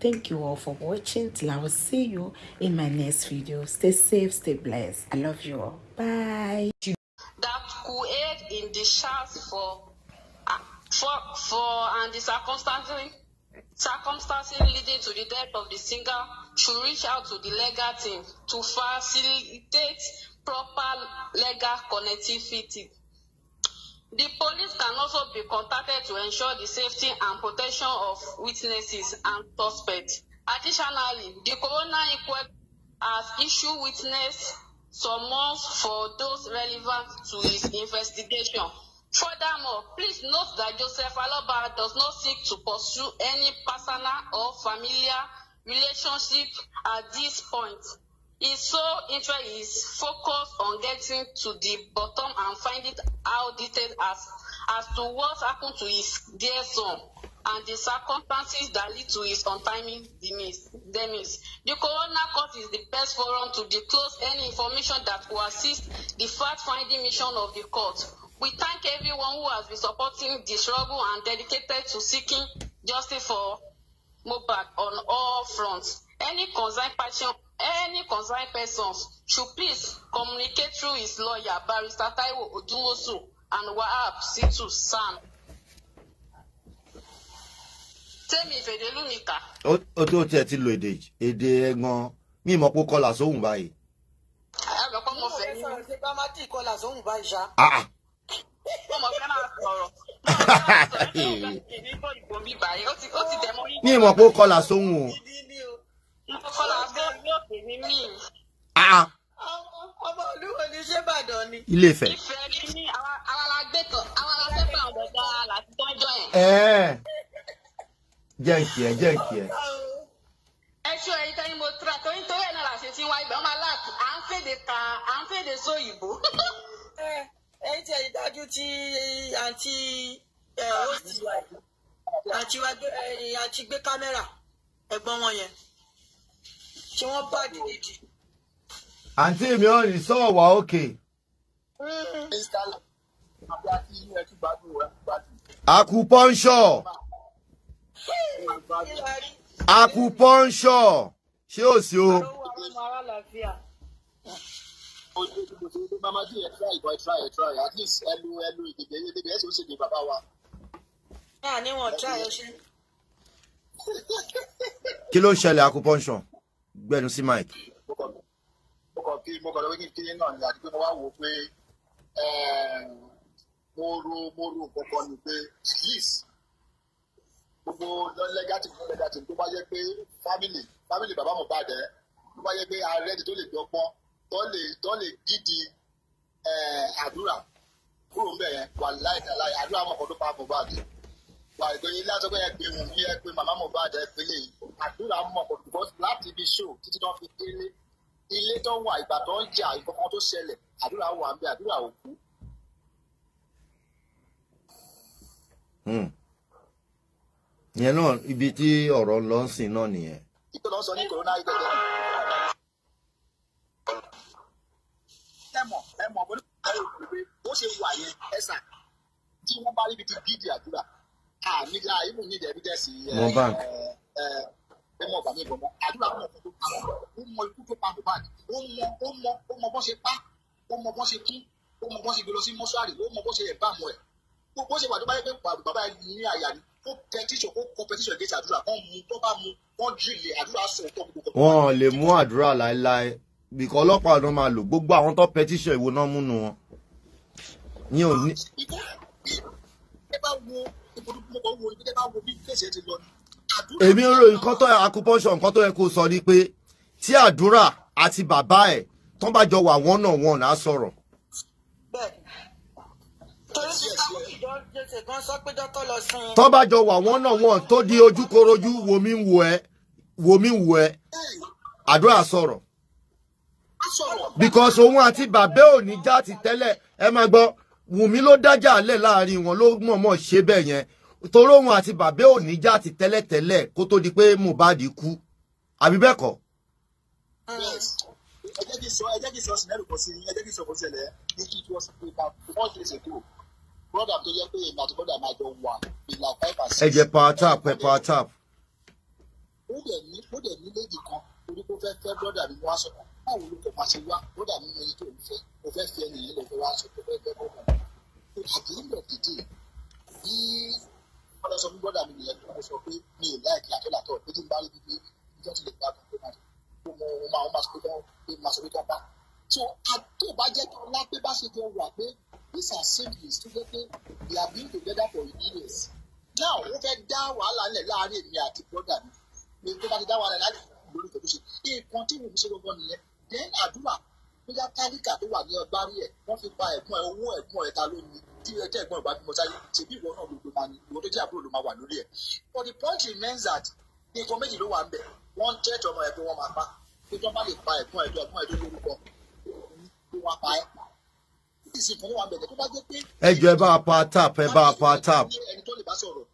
Thank you all for watching. Till I will see you in my next video. Stay safe, stay blessed. I love you all. Bye. That could aid in the chance for, ah, for, for and the circumstances, circumstances leading to the death of the singer should reach out to the legal team to facilitate proper legal connectivity. The police can also be contacted to ensure the safety and protection of witnesses and suspects. Additionally, the coroner inquest has issued witness summons for those relevant to his investigation. Furthermore, please note that Joseph Aloba does not seek to pursue any personal or familiar relationship at this point. His sole interest is focused on getting to the bottom and finding out details as, as to what happened to his dear son and the circumstances that lead to his untimely demise. The coroner court is the best forum to disclose any information that will assist the fact-finding mission of the court. We thank everyone who has been supporting the struggle and dedicated to seeking justice for Mohbad on all fronts. Any concerned party any concerned persons should please communicate through his lawyer, Barrister Taiwo Odumosu and Wahab Situ Sam. Tẹ́mi Ìfèdélú nìkà. Ó tó tiẹ̀ ti lo èdè èdè ẹ̀gbọ́n mímọ́ pé kọ́là sóhùn báyìí. Àlọ́kọ́ mo fẹ́ ní. Ṣé bá má dì kọ́là sóhùn báyìí ṣá? Ọmọ ah, ah. fẹ́ máa sọ̀rọ̀. Ní ìmọ̀ pé kọ́là sóhùn o ọmọ olúwo ní ṣébàdàn ilé Ifẹ̀. Ifẹ̀ ní àwa la gbé tán àwa la ẹ ṣú ẹyin tẹ́yìn mo tura torí torí ẹ̀ náà la ṣe ti wá ibẹ̀ ọmọ aláàtú à ń fèdè ta à ń fèdè sóyìnbó. ẹyin tí ẹyin dájú tí àǹtí ó sì wá àti gbé kámẹ́rà ẹ̀gbọ́n wọn yẹn tí wọ́n bá dìdìdì. àǹtí mi ò ní sọ wà òkè. acupuncture acupuncture ṣé ò sí o. Ah, Kí ló ń ṣẹlẹ̀ acupuncture? gbẹnu sí mike. mo kàn kí mo kàn lọ wí kí n náà ní àti mo wá wò ó pé eh, mo ro mo ro kankan ni pé please gbogbo lẹ́gàtì fún lẹ́gàtì tó bá yẹ pé family family bàbá Mohbad ẹ̀ tó bá yẹ pé ààrẹ tó lè dọ́gbọ́n tó lè tó lè gidi eh, àdúrà kúrò ńbẹ̀ yẹn wà láì tàlà àdúrà mọ̀kàn tó pa Mohbad wà ìgbẹ́yìn láti ọgbẹ́ ẹgbẹ́ mi ẹgbẹ́ màmá Mohbad ẹgbẹ́ lẹ́yìn àdúrà mọ̀ pọ̀ because láti ibi show títí tó fi délé ilé tó wà ìgbà tó ń jà ìkọ̀kan tó ṣẹlẹ̀ àdúrà wà ń bẹ àdúrà ò kú. Hmm. yẹn náà ibi tí ọ̀rọ̀ lọ sí náà nìyẹn. ìtò lọ sọ ní corona ibẹ̀ jẹ́. ẹ mọ̀ ẹ mọ̀ bó bó ṣe wà yẹn ẹ tí wọ́n bá rí ibi tí àdúrà àmì ìlà ìmú ní ìdẹ̀bí dẹ̀ sí. mo bank. Uh, uh, ọmọ ọgbà mi gbọmọ àdúrà ọmọ ọkọ tó pa ó mọ ikú tó pa Mohbad ó mọ ó mọ ó mọ bọ́n ṣe pa ó mọ bọ́n ṣe kú ó mọ bọ́n ṣe gbé lọ sí mọ́ṣúárì ó mọ bọ́n ṣe ẹ̀bá àmọ́ ẹ̀ bó ṣe wà tó bá yẹ pé bàbá ẹ ní àyà ni kó pẹtíṣọ kó kó pẹtíṣọ gé àdúrà kan mu tó bá mu wọn jìnlẹ̀ àdúrà sọ tó gbogbo. wọn lè mú àdúrà láéláé bìkọ́ ọlọ́pàá ọ̀dọ́ máa lò èmi ń ròyìn nǹkan tó acupuncture nǹkan tó yẹ kó sọ ni pé tí àdúrà àti bàbá ẹ̀ tán bá jọ wà wọ́n náà wọ́n náà sọ̀rọ̀. tán bá jọ wà wọ́n náà wọ́n tó di ojúkorojú wo mi wù ẹ́ wo mi wù ẹ́ àdúrà sọ̀rọ̀ because òun àti bàbá ò ní já ti tẹ́lẹ̀ ẹ máa gbọ́ wùmí ló dájà lẹ̀ láàrin wọn ló mọ̀ọ́mọ̀ ṣe bẹ́ẹ̀ yẹn torí òun àti bàbá òní já ti tẹ́lẹ̀tẹ́lẹ̀ kó tó di pé Mohbad kú àbí bẹ́ẹ̀ kọ́. ẹ jẹ́ kí sọ ẹ jẹ́ kí sọ sinẹ́rì kò sí ẹ jẹ́ kí sọ kò ṣẹlẹ̀ ní kí tí wọ́n sọ pé ká wọ́n ṣe ṣètò bọ́dà tó yẹ pé èmi àti bọ́dà máa jọ wà ìlà five and six. ẹ jẹ power tap ẹ power tap. ó dẹ̀ ní ó dẹ̀ ní léjì kan torí kó fẹ́ fẹ́ bọ́dà mi wá sọ̀rọ̀ báwo ló kọ̀ máa ṣe wá bọ́dà mi yẹn tó ń fẹ́ mo fẹ́ fi ẹnìyẹn lọ fẹ́ wá sọ̀rọ̀ fẹ́ fẹ́ bọ́dà mi. àdéhùn ọ̀dìdì bí wọ́n lọ sọ fún bọ́dà mi nìyẹn tó mo sọ pé mi ì láìkí àtọ́làtọ̀ pé tí n bá rí bíbí ìjọ ti lè gbà tó máa tó mo mo máa máa sọ pé máa sọ pé tó bá. so àtò bá jẹ́ kí ọlá pé bá ṣe jọ wà pé these are siblings tó jẹ́ pé they have been together for years. now ó fẹ́ dá wàhálà ńlẹ̀ láàárín èmi àti bọ́dà mi mi tó bá ti dá wàhálà láàárín lórí ìtọ́jú ṣe nǹkan tí mo fi ṣe gbogbo nìyẹn then àdúrà bóyá tálíkà tó wà ní ọgbárí ẹ̀ wọ́n fi pa ẹ̀gbọ́n ẹ̀ owó ẹ̀gbọ́n ẹ̀ ta ló ní tí ẹ jẹ́ ẹ̀gbọ́n ìbámu sáyé ṣèbí ìwọ náà ló máa ní ìwọ tó jẹ́ àbúrò ló máa wà lórí ẹ̀ but the point remains that nǹkan méjì ló wà ń bẹ̀ wọ́n jẹ́ ìjọba ẹ̀ pé wọ́n máa pa pé bá lè pa ẹ̀gbọ́n ẹ̀dọ́ ẹ̀gbọ́n ẹ̀dọ́ lórúkọ ló wá pa ẹ̀ ẹ jọ ẹ bá a pa tap ẹ bá a pa tap. ẹni tó lè bá sọ̀rọ̀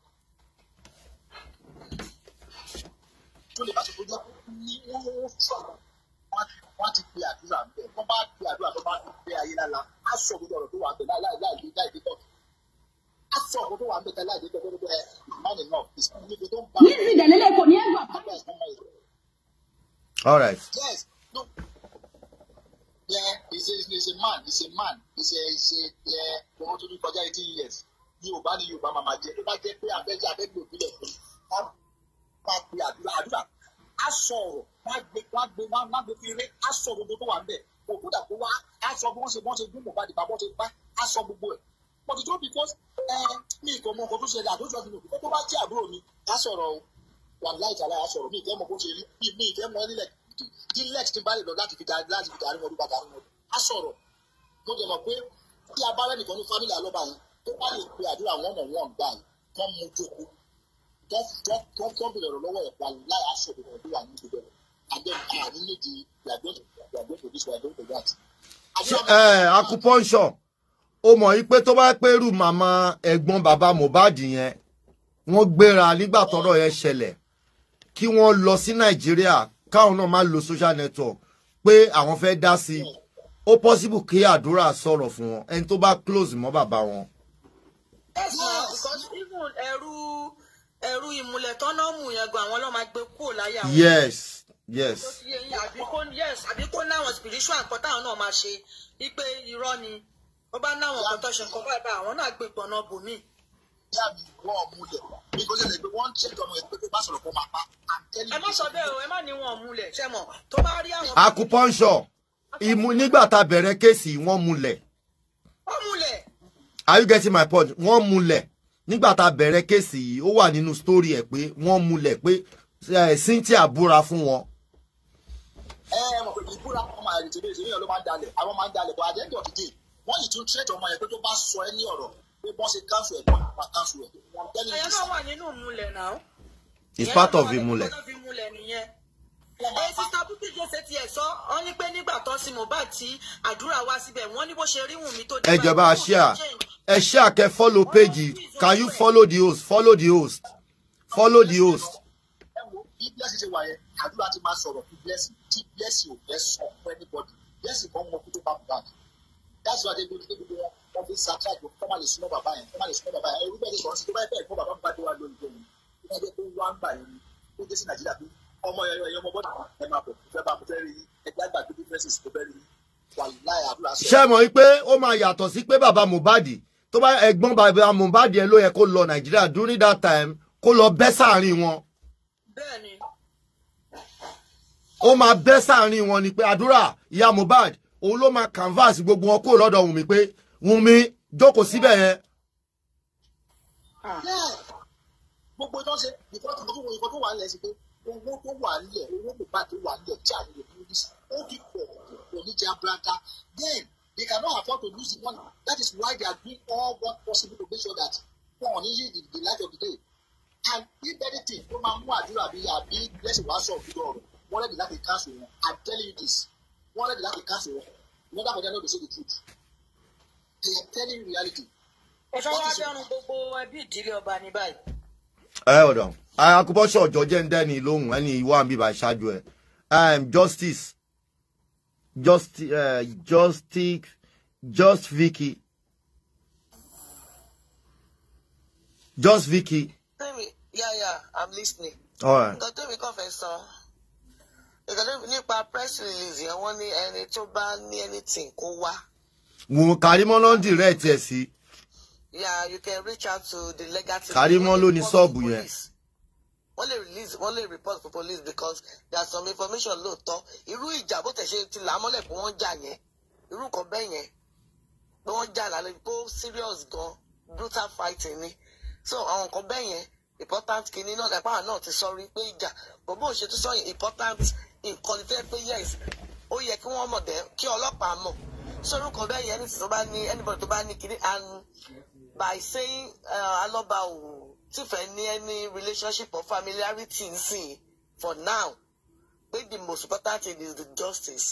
tó lè bá sọ̀rọ̀ ní wọ́n sọ̀rọ̀ wọ́n ti pe àdúrà ń wọ́n bá pe àdúrà tó bá ti pe ayé lára á sọ òdodo ọ̀rọ̀ tó wà bẹ̀ láìláìláì láìdé tọ̀ á sọ òdodo tó wà bẹ̀ láìdé tọ̀ tó bẹ̀ man enough is níbi tó ń bá. níbi ìdẹ̀lẹ́lẹ̀ kò ní ẹgbà. all right. sọ̀rọ̀ mi ìfẹ́ mọ̀ bó ṣe rí mi mi ìfẹ́ mọ̀ nílẹ̀ dílẹ̀tì tí bá lè lọ láti fi darí láti fi darí wọn ló bá darí wọn sọ̀rọ̀ mo jẹ mọ̀ pé tí a bá rẹ́nìkan ní fámìlì alọ́ba yẹn tó bá lè pe àdúrà wọn mọ̀ wọn gbà yìí tán mú jókòó tán tán bèrè tó wà ní ìbẹ̀rẹ̀ àgbẹ̀ àní nídi ìgbàgbọ́ ìgbàgbọ́ kò mọ̀ yí pé tó bá pẹ́rù màmá ẹ̀gbọ́n bàbá Mohbad yẹn wọ́n gbéra nígbà tọ́rọ̀ yẹn ṣẹlẹ̀ kí wọ́n lọ sí nàìjíríà káwọn náà máa lo social network pé àwọn fẹ́ dá sí ó possible kí àdúrà sọ̀rọ̀ fún wọn ẹni tó bá close mọ́ bàbá wọn. ẹrú ẹrú ìmúlẹ̀ tọ́nọ́mù yẹn gan àwọn ọlọ́mọ gbé kúrò láyà wọn. yes yes. àbí kó náwọn spiritual nǹkan táwọn náà máa ṣe wípé irọ́ ni ó bá náwọn nǹkan tó ṣe nǹkan báyìí àwọn náà gbé gbọ̀nà bòmíì jáde wọn ò múlẹ̀ nígbà tó lè gbé wọ́n ń tẹ̀lé ọmọ ẹgbẹ́ tó bá kó máa pa àtẹ́lẹ̀. ẹ má sọ bẹ́ẹ̀ o ẹ má ní wọn ò múlẹ̀ ṣe tó bá rí àwọn. acupuncture nígbà tá a bẹ̀rẹ̀ kéèsì wọ́n múlẹ̀. wọ́n múlẹ̀. are you getting my point wọ́n múlẹ̀ nígbà tá a bẹ̀rẹ̀ kéèsì yìí ó wà nínú sítórì ẹ̀ pé wọ́n múlẹ̀ pé eh, Cynthia búra fún wọn ẹ ẹ mọ̀ pé ìbúra ọmọ àìrètè méjì ní ló máa ń dalẹ̀ àwọn máa ń dalẹ̀ bọ̀ àdéhùn pé it's part of ìmúlẹ̀. sista bukki jẹsẹ ti ẹ ọ ní pé nígbà tó sin Mohbad tí àdúrà wá síbẹ̀ wọ́n ní bó ṣe rí Wùnmí tó dé. ẹ jọba àṣìá kẹ follow page can you follow the host follow the host follow the host. bí blessing ṣe wà yẹn àdúrà ti máa sọ̀rọ̀ fún blessing tí blessing ò fẹ́ sọ fún anybody blessing kan mọ kó tó bá Mohbad that's why they go to the people wọ́n fi ṣàtúnṣe kọ́ máa lè súnmọ́ bàbá yẹn kọ́ máa lè súnmọ́ bàbá yẹn ẹrú bẹ́ẹ̀ ni sọ̀rọ̀ sí tó bá bẹ́ẹ̀ fún bàbá bá dé wá lórí ìjọ bá jẹ́ pé wá ń gbà yẹn tó dé sí nàìjíríà pé ọmọ yẹn yẹn ọmọ bọ́dà ẹ máa bọ̀ fẹ́ bá mo fẹ́ rí ẹgbẹ́ àgbà tó bí fẹ́sìs tó fẹ́ rí ṣé ó máa during that time kó lọ bẹ́ sáàrin wọn. ni pé àdúrà ìyá Mohbad òun ló máa canvas gbogbo wọn kúrò lọ́dọ̀ Wùnmí pé Wùnmí jókòó síbẹ̀ yẹn. Ah. gbogbo tó ń ṣe nǹkan tó wọ nǹkan tó wà nílẹ̀ sí pé owó tó wà nílẹ̀ owó bùbá tó wà nílẹ̀ jà ní ìlú ó ti pọ̀ pọ̀ ní jabrata then they cannot afford to lose the money that is why they are doing all what possible to make sure that wọn ò ní yí the light of the day and if anything ó máa mú àdúrà bíi àbí blessing wàá sọ̀rọ̀ lórí ọ̀rọ̀ wọ́n rẹ̀ ní láti cancel wọn I tell you this wọ́n rẹ̀ ní láti cancel wọn wọ́n dàpọ̀ jẹ́ náà to say the truth they are telling you reality. ọ̀sán wa dọ́run gbogbo ẹbí ìdílé ọba ní báyìí. ẹ ọ̀dọ̀ akúbọ́sọ̀ ọ̀jọ́ jẹ́ ń dẹ́ni lóhùn ẹni ìwà ń bíbá ṣáájú ẹ̀ um, justice just uh, justice just Vicky just Vicky. Yeah, yeah, I'm listening. All right. nǹkan tẹ́mi kàn fẹ́ sọ nípa press release yẹn wọ́n ní ẹni tó bá ní anything kó wá. Karimo ló ń direct ẹ̀ sí. Yeah, you can reach out to the legacy. team. Karimo ló ní sọ́ọ̀bù yẹn. Wọ́n lè release wọ́n lè report for police because there are some information lóòótọ́. Irú ìjà bó tẹ̀ ṣe ti là á mọ́lẹ̀ pé wọ́n jà yẹn. Irú nǹkan bẹ́ẹ̀ yẹn. Pé wọ́n jà lálẹ́ pé serious gan brutal fighting ni. So àwọn nǹkan bẹ́ẹ̀ yẹn important kìíní náà dàpọ̀ àwọn náà ti sọ rí pé ìjà. Bọ̀bọ̀ òṣètò sọ important nǹkan ní tẹ́ pé yes ó yẹ kí wọ́n mọ̀ dẹ́ kí ọlọ́pàá mọ̀ sórúkọ bẹ́ẹ̀ yẹn ní tó bá ní anybody tó bá ní kiri and by saying uh, alọ́ba ò tìfẹ́ ní any relationship or familiarity nsìn for now pé the most important thing is the justice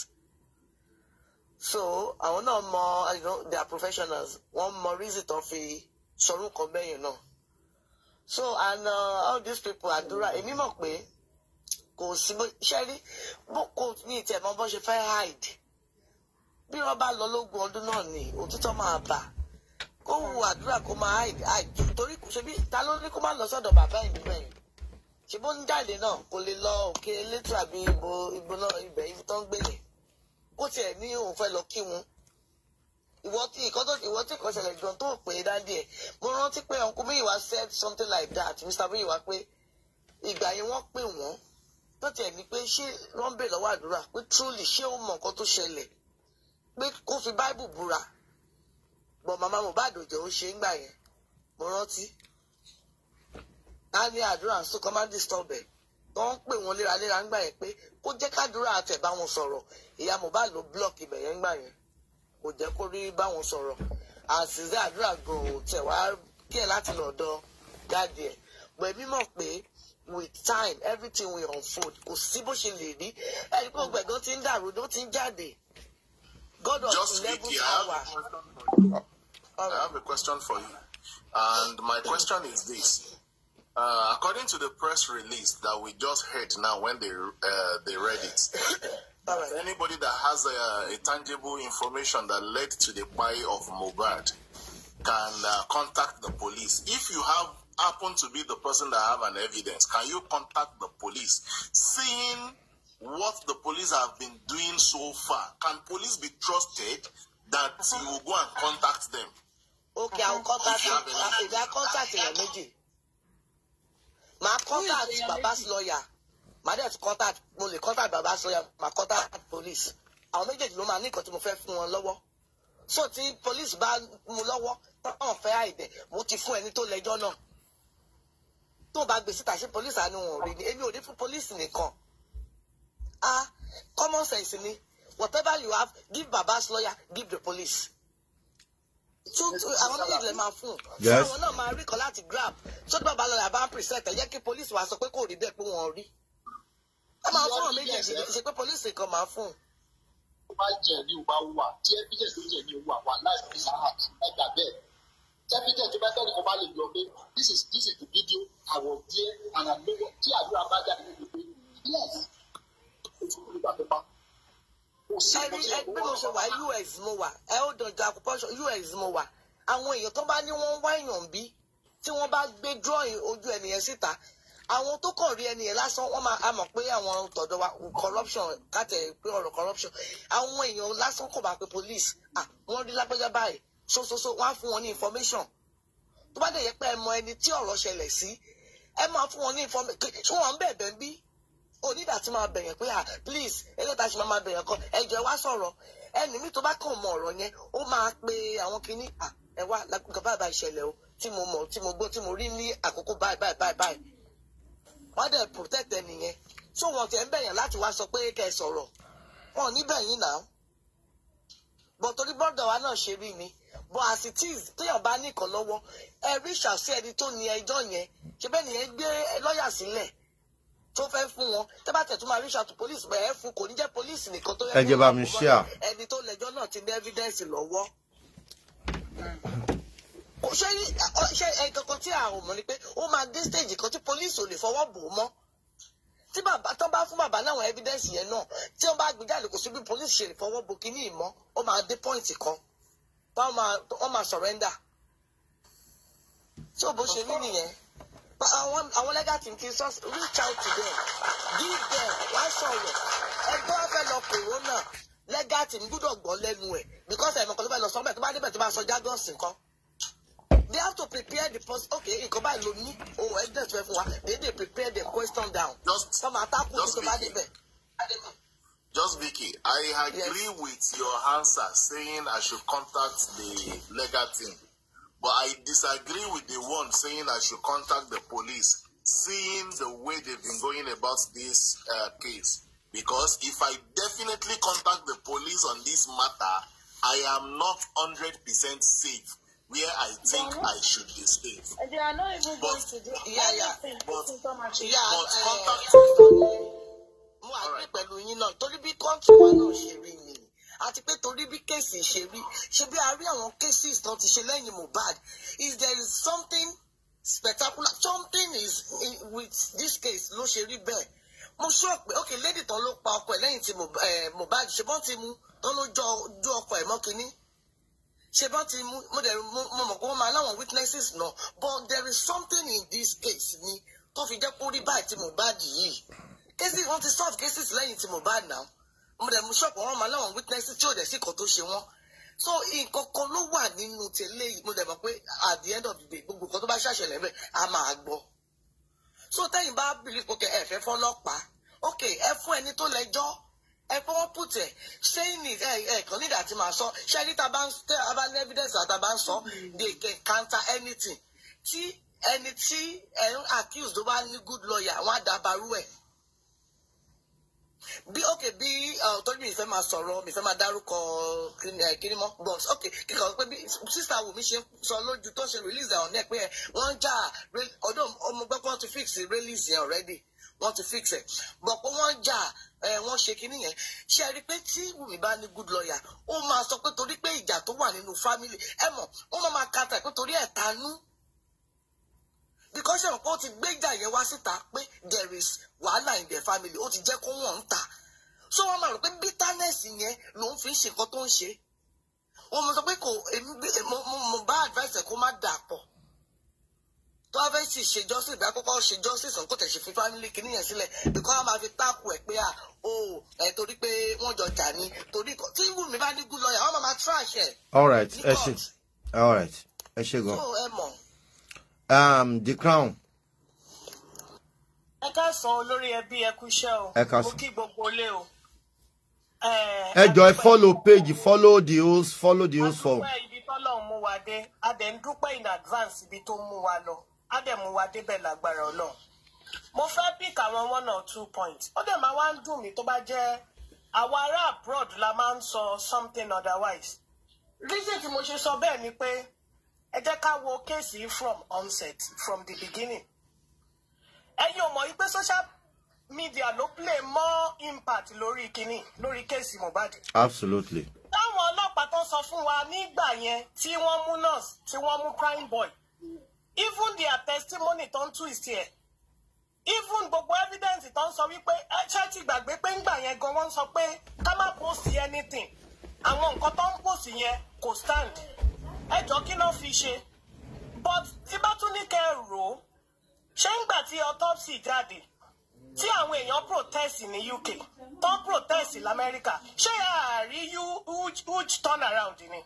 so àwọn náà mọ you they are professionals wọ́n mọ reason tó fi sórúkọ bẹ́ẹ̀ yẹn náà so and uh, all these people àdúrà èmi mọ̀ pé kò sí bó ṣe rí kò ní ìtẹ̀mọ́ bó ṣe fẹ́ hide bí wọ́n bá lọ lógún ọdún náà ni òtítọ́ máa bà kó wu àdúrà kó máa àìdù torí kò ṣebí ta ló ní kó má lọ sọ́dọ̀ bàbá ìlú bẹ́ẹ̀ ṣe ń jáde náà kò lè lọ òkè elétò àbí ibo ibo náà ibẹ̀ ibi tó ń gbé yẹn tiẹ̀ ní òun fẹ́ lọ kí wọn ìwọ tí ìkan ìwọ tí ìkan ṣẹlẹ̀ gan tó pè é dádì ẹ̀ mo rántí pé uncle Muyiwa said something like that Mr. Muyiwa pé ìgbà yẹn wọ́n pè wọ́n tó tiẹ̀ ní pé ṣé wọ́n bè lọ́wọ́ àdúrà pé truly ṣé ó mọ nǹkan tó ṣẹlẹ̀ pé kó fi báìbù búra bọ̀ màmá Mohbad òjò ń ṣe ńgbà yẹn mo rántí á ní àdúrà ń sún command disturb ẹ̀ tó ń pè wọ́n léraléra ńgbà yẹn pé kó jẹ́ kádúrà àtẹ̀ bá wọn sọ̀rọ̀ ìyá Mohbad ló block ibẹ̀ yẹn ńgbà yẹn kò jẹ́ kó rí bá wọn sọ̀rọ̀ àṣìṣe àdúrà gan ò tẹ̀ wá kí ẹ̀ láti lọ dán jáde ẹ̀ pẹ̀ mímọ̀ pé with time everything will unfold kò sí bó ṣe lè rí ẹ̀ ní pọ̀ gbẹ̀gán ti ń dàrú ló ti ń jáde. God Just 11th I have a question for you. And my question is this. Uh, according to the press release that we just heard now when they, uh, they read it, right. anybody that has a, a, tangible information that led to the buy of Mobad can uh, contact the police. If you have happen to be the person that have an evidence, can you contact the police? Seeing what the police have been doing so far. Can police be trusted that uh-huh. you will go and contact them? Okay, I'll huh I will contact you. If I contact your méjì, màá contact Baba's lawyer. Màá dẹ̀ contact only contact Baba's lawyer, My contact police. Àwọn méjèèjì ló máa ní nǹkan tí mo fẹ́ fún So tí police bá mú lọ́wọ́, táwọn fẹ́ àìdẹ̀, mo ti don't ẹni tó lẹ́jọ́ náà. Tó o bá gbèsè tàṣí police are no rí ni, èmi ò ní fún police ah common sense ni whatever you have give baba's lawyer give the police àwọn méjì lè máa fún un àwọn náà máa rí kan láti grab tó tí bàbá lọ́la bá ń present ẹ̀ yẹ kí police wàá sọ pé kò rí bẹ́ẹ̀ pé wọ́n rí ẹ máa fún àwọn méjèèjì ṣe pé police kan máa fún un. tó bá jẹ ní ìwà wà tí evidence tó jẹ ní ìwà wà láti fi sáà ẹgbà bẹ́ẹ̀ tí evidence tó bá tẹ́lẹ̀ kó bá lè yọ pé this is this is the video àwọn díẹ̀ and I know tí àdúrà bá jáde nínú pé yes ètò ìgbà tó bá. ẹni ẹgbẹ́ mo ṣe wà US mo wà ẹ ó dànjà àkùpọ̀ṣọ US mo wà àwọn èèyàn tó bá ní wọ́n wá èèyàn bí tí wọ́n bá gbé drawing ojú ẹni yẹn síta àwọn tó kàn rí ẹni yẹn lásán wọ́n máa mọ̀ pé àwọn tọ̀dọ̀ wa corruption kàtẹ́ pé ọ̀rọ̀ corruption àwọn èèyàn lásán kò bá pe police wọ́n rí lágbájá báyìí sososo wọ́n á fún wọn ní information tó bá dẹ̀ yẹ pé ẹ mọ ẹni tí ọ̀rọ̀ ṣẹlẹ̀ sí ẹ máa fún wọn ní information tí wọ́n ń bẹ̀bẹ̀ bí onídàá ti máa bẹ̀yẹn pé ah please ẹlẹ́ta ṣe máa máa kan ẹ̀jẹ̀ wá sọ̀rọ̀ ẹni mi tó bá kàn mọ ọ̀rọ̀ yẹn ó máa pe àwọn kinní à ah, ẹ wá nǹkan báyìí báyìí o tí mo mọ̀ tí mo gbọ́ tí mo rí ní àkókò báyìí báyìí báyìí báyìí wọ́n dẹ̀ protect ẹni so wọn ti ẹ̀ ń bẹ̀yẹn láti wá sọ pé kẹ́ ẹ sọ̀rọ̀ wọn ò ní bẹ̀yìn náà bọ̀ torí bọ́dọ̀ wa náà ṣe rí mi bọ̀ as it téèyàn bá ní ìkàn ẹ rí ṣàṣẹ ẹni tó ní ẹjọ́ yẹn ṣe bẹ́ẹ̀ nìyẹn gbé lọ́ọ̀yà sílẹ̀ tó fẹ́ fún wọn tẹ́ bá tẹ̀ tún máa ríṣà tó police bẹ̀rẹ̀ fún kò ní jẹ́ police nìkan tó yẹ kí wọ́n mú wọn ẹni tó lẹ́jọ́ náà ti ní evidence lọ́wọ́. kò ṣe ṣe nǹkan kan tí àwọn mọ̀ ni pé ó máa dé stage kan tí police ò lè fọwọ́ bò ó mọ́ tí bàbá tán bá fún bàbá náà evidence yẹn náà tí wọ́n bá gbé jáde kò sí bí police ṣe lè fọwọ́ bò kíní ìmọ̀ ó máa dé point kan bá wọn máa surrender tí ò bó ṣe rí àwọn àwọn legal team ti sọ reach out to them give them wá sọ̀rọ̀ ẹgbẹ́ ọ̀fẹ́ lọ corona legal team gbúdọ̀ gbọ́ lẹ́nu ẹ̀ because ẹ̀mọ̀ kan ló bá lọ sọ́mọ̀ ẹ̀ tó bá níbẹ̀ tó bá sọ jagos nǹkan they have to prepare the post okay nǹkan báyìí ló ní ohun evidence fẹ́ fún wa they dey prepare the question down some attack kú tó bá níbẹ̀. Just Vicky, I agree yes. with your answer saying I should contact the legal team. But I disagree with the one saying I should contact the police, seeing the way they've been going about this uh, case. Because if I definitely contact the police on this matter, I am not 100% safe where I think not, I should be safe. Uh, they are not even but, going to do yeah, yeah. But, so much yeah, but uh, contact. Mo àgbẹ̀ pẹ̀lú yín náà torí bí kọ́ńtù wa náà ṣe rí ni àti pé torí bí kéèsì ṣe rí ṣe bí a rí àwọn cases náà ti ṣe lẹ́yìn Mohbad is there is something spectacular something is in, with this case ló ṣe rí bẹ́ẹ̀ mo sọ pé ok lady tán ló pa ọkọ ẹ̀ lẹ́yìn tí eh, Mohbad ṣe bọ́n ti mú tán ló jọ ọkọ ẹ̀ mọ́ kínní ṣe bá ti mú mo dẹ̀ mo mọ̀ pé wọ́n máa láwọn witnesses náà but there is something in this case ni tó fi jẹ́ kó rí báyìí tí Mohbad yìí cases wọ́n ti solve cases lẹ́yìn tí Mohbad náà mo dẹ̀ mú ṣọ́ọ̀pù wọn máa láwọn witness tí ò dẹ̀ sí kan tó ṣe wọ́n so nǹkan kan ló wà nínú tẹ́lẹ̀ yìí mo pé at the end of the day gbogbo nǹkan tó bá ṣàṣẹlẹ̀ bẹ́ẹ̀ a máa gbọ́ so tẹ́yìn bá believe pé ẹ fẹ́ fọlọ́pàá ok ẹ fún ẹni tó lẹ́jọ́ ẹ fún wọn pùtẹ ṣé ní ẹ kàn nídà tí màá sọ ṣé ẹni tá a bá ní evidence àti a bá ń sọ mm-hmm. they can counter anything tí ẹni tí ẹ ń accuse tó bá ní good lawyer wọn á dábàrú ẹ bí ok bí uh, tọ́jú mi fẹ́ máa sọ̀rọ̀ mi fẹ́ máa dárúkọ kiri eh, mọ́ but ok kíkà pé bí sísá wù mí ṣe sọ lójú tó ṣe release àwọn náà pé wọ́n ń jà ọdún ọmọ gbẹ́pọ̀ wọ́n ti fix release yẹn already wọ́n ti fix ẹ̀ but pé wọ́n ń jà eh, wọ́n ṣe kinní yẹn ṣe rí i pé tí Wùmí bá ní good lawyer ó máa sọ pé torí pé ìjà tó wà nínú family ẹ mọ̀ ó máa máa kata pé torí ẹ̀tanú. E because ṣé wọn ti gbéjà yẹn wá síta pé there is wàhálà in their family ó ti jẹ́ kó wọ́n ń ta so wọ́n máa rò pé bitterness yẹn lòun fi ń ṣe nǹkan tó ń ṣe wọ́n mọ̀ sọ pé kò mo bá advice ẹ̀ kó má dà pọ̀ tó a fẹ́ sì ṣe justice bí akọ́kọ́ ṣe justice nǹkan tẹ̀ ṣe fún family kìíní yẹn sílẹ̀ because a máa fi táàkù ẹ̀ pé à ah, o oh, ẹ̀ torí pé wọ́n jọ jà ní torí tí Wùmí bá ní good lawyer wọ́n máa máa trash ẹ̀. all right ẹ ṣe all right ẹ ṣe gan. so ẹ mọ um, the crown. ẹ káàsán olórí ẹbí ẹ kúṣẹ́ o ẹ káàsán mo kí gbogbo ilé o. ẹ jọ ẹ follow page follow the host follow the host form. a dúpẹ́ ibi tọ́lọ́run mú wa dé a dẹ̀ ń dúpẹ́ in advance ibi tó mú wa lọ a dẹ̀ mú wa débẹ̀ lágbára ọlọ́run mo fẹ́ pick àwọn one or two points ó dẹ̀ máa wá ń dùn mí tó bá jẹ́ àwọn ará abroad la máa ń sọ something otherwise reason tí mo ṣe sọ bẹ́ẹ̀ ni pé ẹ jẹ́ ká wo kéèsì yìí from onset from the beginning ẹ̀yin ò mọ̀ pé social media ló play more impact lórí kínní lórí kéèsì Mohbad. absolutely. táwọn ọlọ́pàá tó sọ fún wa nígbà yẹn tí wọ́n mú nurse tí wọ́n mú crime boy even their testimony tó ń twist ẹ̀ even gbogbo evidence tó ń sọ wípé ẹ ṣe ti gbàgbé pé ńgbà yẹn gan wọ́n sọ pé ká má post anything àwọn nǹkan tó ń post yẹn kò stand ẹjọ́ kí ló fi ṣe but tí bá tún ní kẹ́ ẹ rò ó ṣé ń gbà tí autopsy jáde tí àwọn èèyàn protest ní UK tó protest lamẹ́ríkà ṣé àárí huge turnaround ni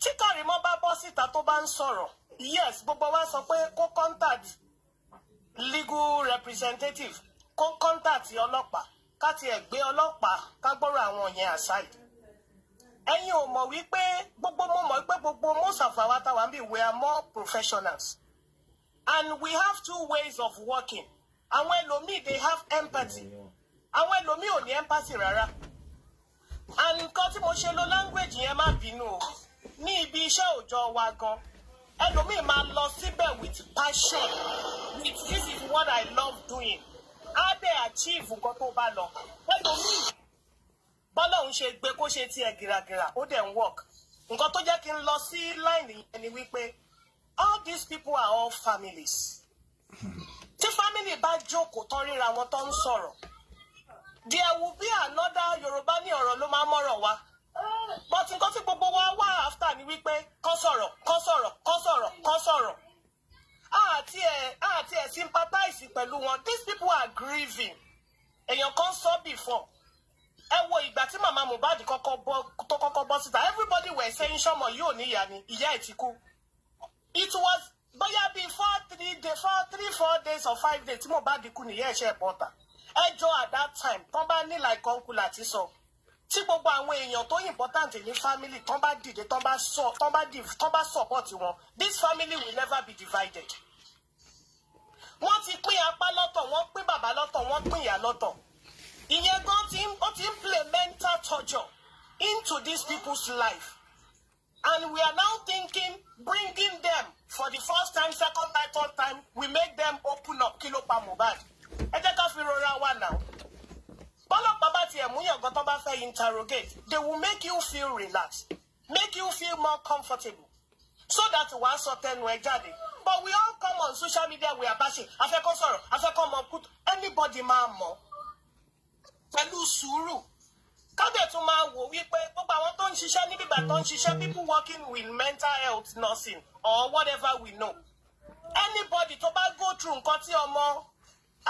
tí Karimo bá bọ́ síta tó bá ń sọ̀rọ̀ yes gbogbo wa sọ pé kó contact legal representative kó contact ọlọ́pàá ká tiẹ̀ gbé ọlọ́pàá ká gbọ́rọ̀ àwọn yẹn aside ẹ̀yin ò mọ̀ wípé gbogbo mo mọ̀ wípé gbogbo most of our táwọn bí we are more professionals and we have two ways of working àwọn ẹlòmíì they have empathy àwọn ẹlòmíì ò ní empathy rárá and nǹkan tí mo ṣe lo language yẹn má bínú o ní ibi iṣẹ́ òòjọ́ wa gan ẹlòmíì máa lọ síbẹ̀ with passion with this is what I love doing á dẹ̀ achieve nǹkan tó bá lọ ẹlòmíì bọ́lọ́hún ṣe gbé kó ṣe tiẹ̀ gìràgìrà ó dẹ̀ ń work nǹkan tó jẹ́ kí n lọ sí line yẹn ni wípé all these people are all families tí family bá jókòó tán ríra wọn tó ń sọ̀rọ̀ there will be another Yorùbá ní ọ̀rọ̀ ló máa mọ́rọ̀ wa but nǹkan tí gbogbo wa wà after ni wípé kán sọ̀rọ̀ kán sọ̀rọ̀ kán sọ̀rọ̀ kán sọ̀rọ̀ àti ẹ̀ àti ẹ̀ sympathize pẹ̀lú wọn these people are grieving èèyàn kan sọ before ẹ wo ìgbà tí màmá Mohbad tó kọ́kọ́ bọ́ síta everybody were saying sọmọ yóò níyà ni ìyá ẹ̀ ti kú it was bóyá bíi four three day four three four days or five days tí Mohbad kú nìyẹn ẹ̀ṣẹ̀ bọ́ta ẹjọ́ at that time tán bá ní like uncle àti sọ tí gbogbo àwọn èèyàn tó important ní family tán bá dìde tán bá sọ tán bá dì tán bá support wọn this family will never be divided wọ́n ti pín apá lọ́tọ̀ wọ́n pín bàbá lọ́tọ̀ wọ́n pín ìyá lọ́tọ̀ ìyẹn gan ti ń ó ti implement torture into these people's life and we are now thinking bringing them for the first time second time third time we make them open up kí ló pa Mohbad ẹ jẹ́ ká fi rora wà náà bọ́lọ́pàá bá tiẹ̀ mú yàn gan tó bá fẹ́ interrogate they will make you feel relaxed make you feel more comfortable so that wàá sọ tẹnu ẹ jáde but we all come on social media we are bashing afẹ́kọ́ sọ̀rọ̀ afẹ́kọ́ mọ̀ kú anybody máa mọ̀ pẹ̀lú sùúrù kábẹ̀ tún máa wò wípé gbogbo àwọn tó ń ṣiṣẹ́ níbi ìgbà tó ń ṣiṣẹ́ people working with mental health nursing or whatever we know anybody tó bá go through nǹkan tí ọmọ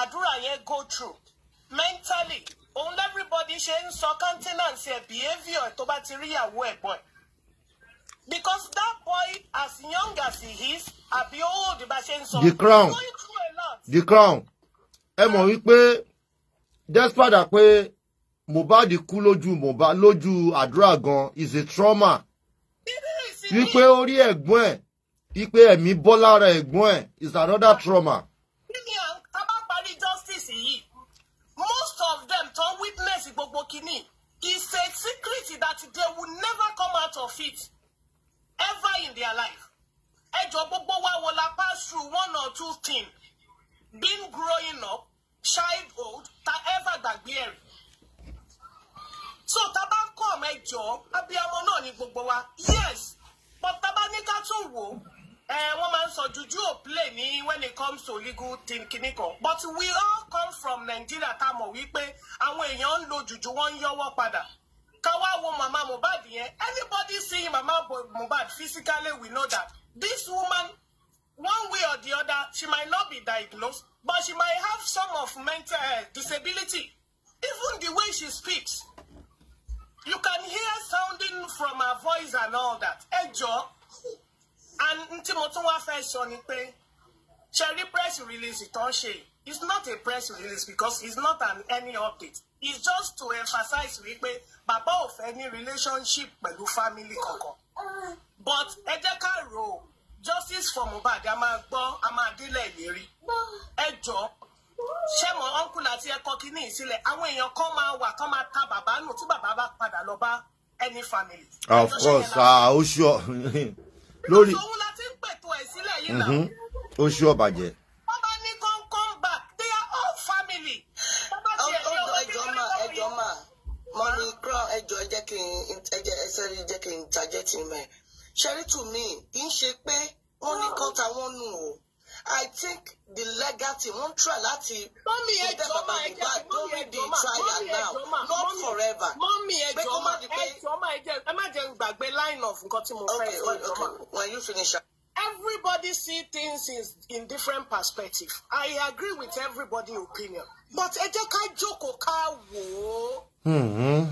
àdúrà yẹn go through mentally òun everybody ṣe ń sọ countenance ẹ̀ behaviour tó bá ti rí ìyàwó ẹ̀gbọ́n ẹ̀ because that boy as young as he is àbí old bá ṣe ń sọ the crown the crown ẹ mọ̀ wípé despite pé Mohbad kú lójú Mohbad lójú àdúrà gan is a trauma wípé ó rí ẹ̀gbọ́n ẹ̀ wípé ẹ̀mí bọ́ lára ẹ̀gbọ́n ẹ̀ is another trauma. a bá parí justice yìí most of them tó witness gbogbo kínní is a secret that they will never come out of it ever in their life. ẹjọ́ gbogbo wa wọ́n la pass through one or two things been growing up childhood ta ever gbàgbé ẹ̀rí so ta bá ń kọ́ ọmọ ẹjọ́ abiyamọ náà ni gbogbo wa yes but ta bá ní ká tún wò ẹ wọ́n máa ń sọ juju ò play ní when it comes to legal team kìíní kan but we all come from Nigeria tá mọ̀ wípé àwọn èèyàn ń lo juju wọ́n ń yọwọ́ padà ká wá wo mama Mohbad yẹn anybody see mama Mohbad physically we know that this woman one way or the other she might not be diagnosed but she might have some of mental disability. Even the way she speaks, you can hear sounding from her voice and all that. Ẹ and tí mo tún wá fẹ́ sọ press release tó ń ṣe it's not a press release because it's not an any update. It's just to emphasize wípé bàbá ò any relationship, relationship pẹ̀lú family kankan. But ẹ jẹ́ justice for Mohbad a máa gbọ́ a máa délẹ̀ ìlérí ẹ ṣé mo uncle àti ẹkọ kínní ìsílẹ̀ àwọn èèyàn kan máa wà kan máa ta bàbá nù tí bàbá bá padà lọ bá any family. of course ah, ó ṣọ lórí. because òun la ti ń pètò crown ẹjọ́ jẹ́ kí n ẹjẹ́ ẹsẹ̀ rí jẹ́ kí n jajẹ́ tì mẹ́ ṣẹ́rìtù mi kì í ṣe pé ó ní kán táwọn nù o i think the legal team wọ́n try láti ṣe bẹ́ẹ̀ bàbá bùbá dórí the trial now not forever pé kó má di pé. ẹ má jẹ́ gbàgbé line of nǹkan tí mo fẹ́ ẹ̀ okay okay when you finish. Everybody see things in, in different perspective. I agree with everybody opinion. But ẹ jẹ́ ká jókòó ká wò ó. Hmm, hmm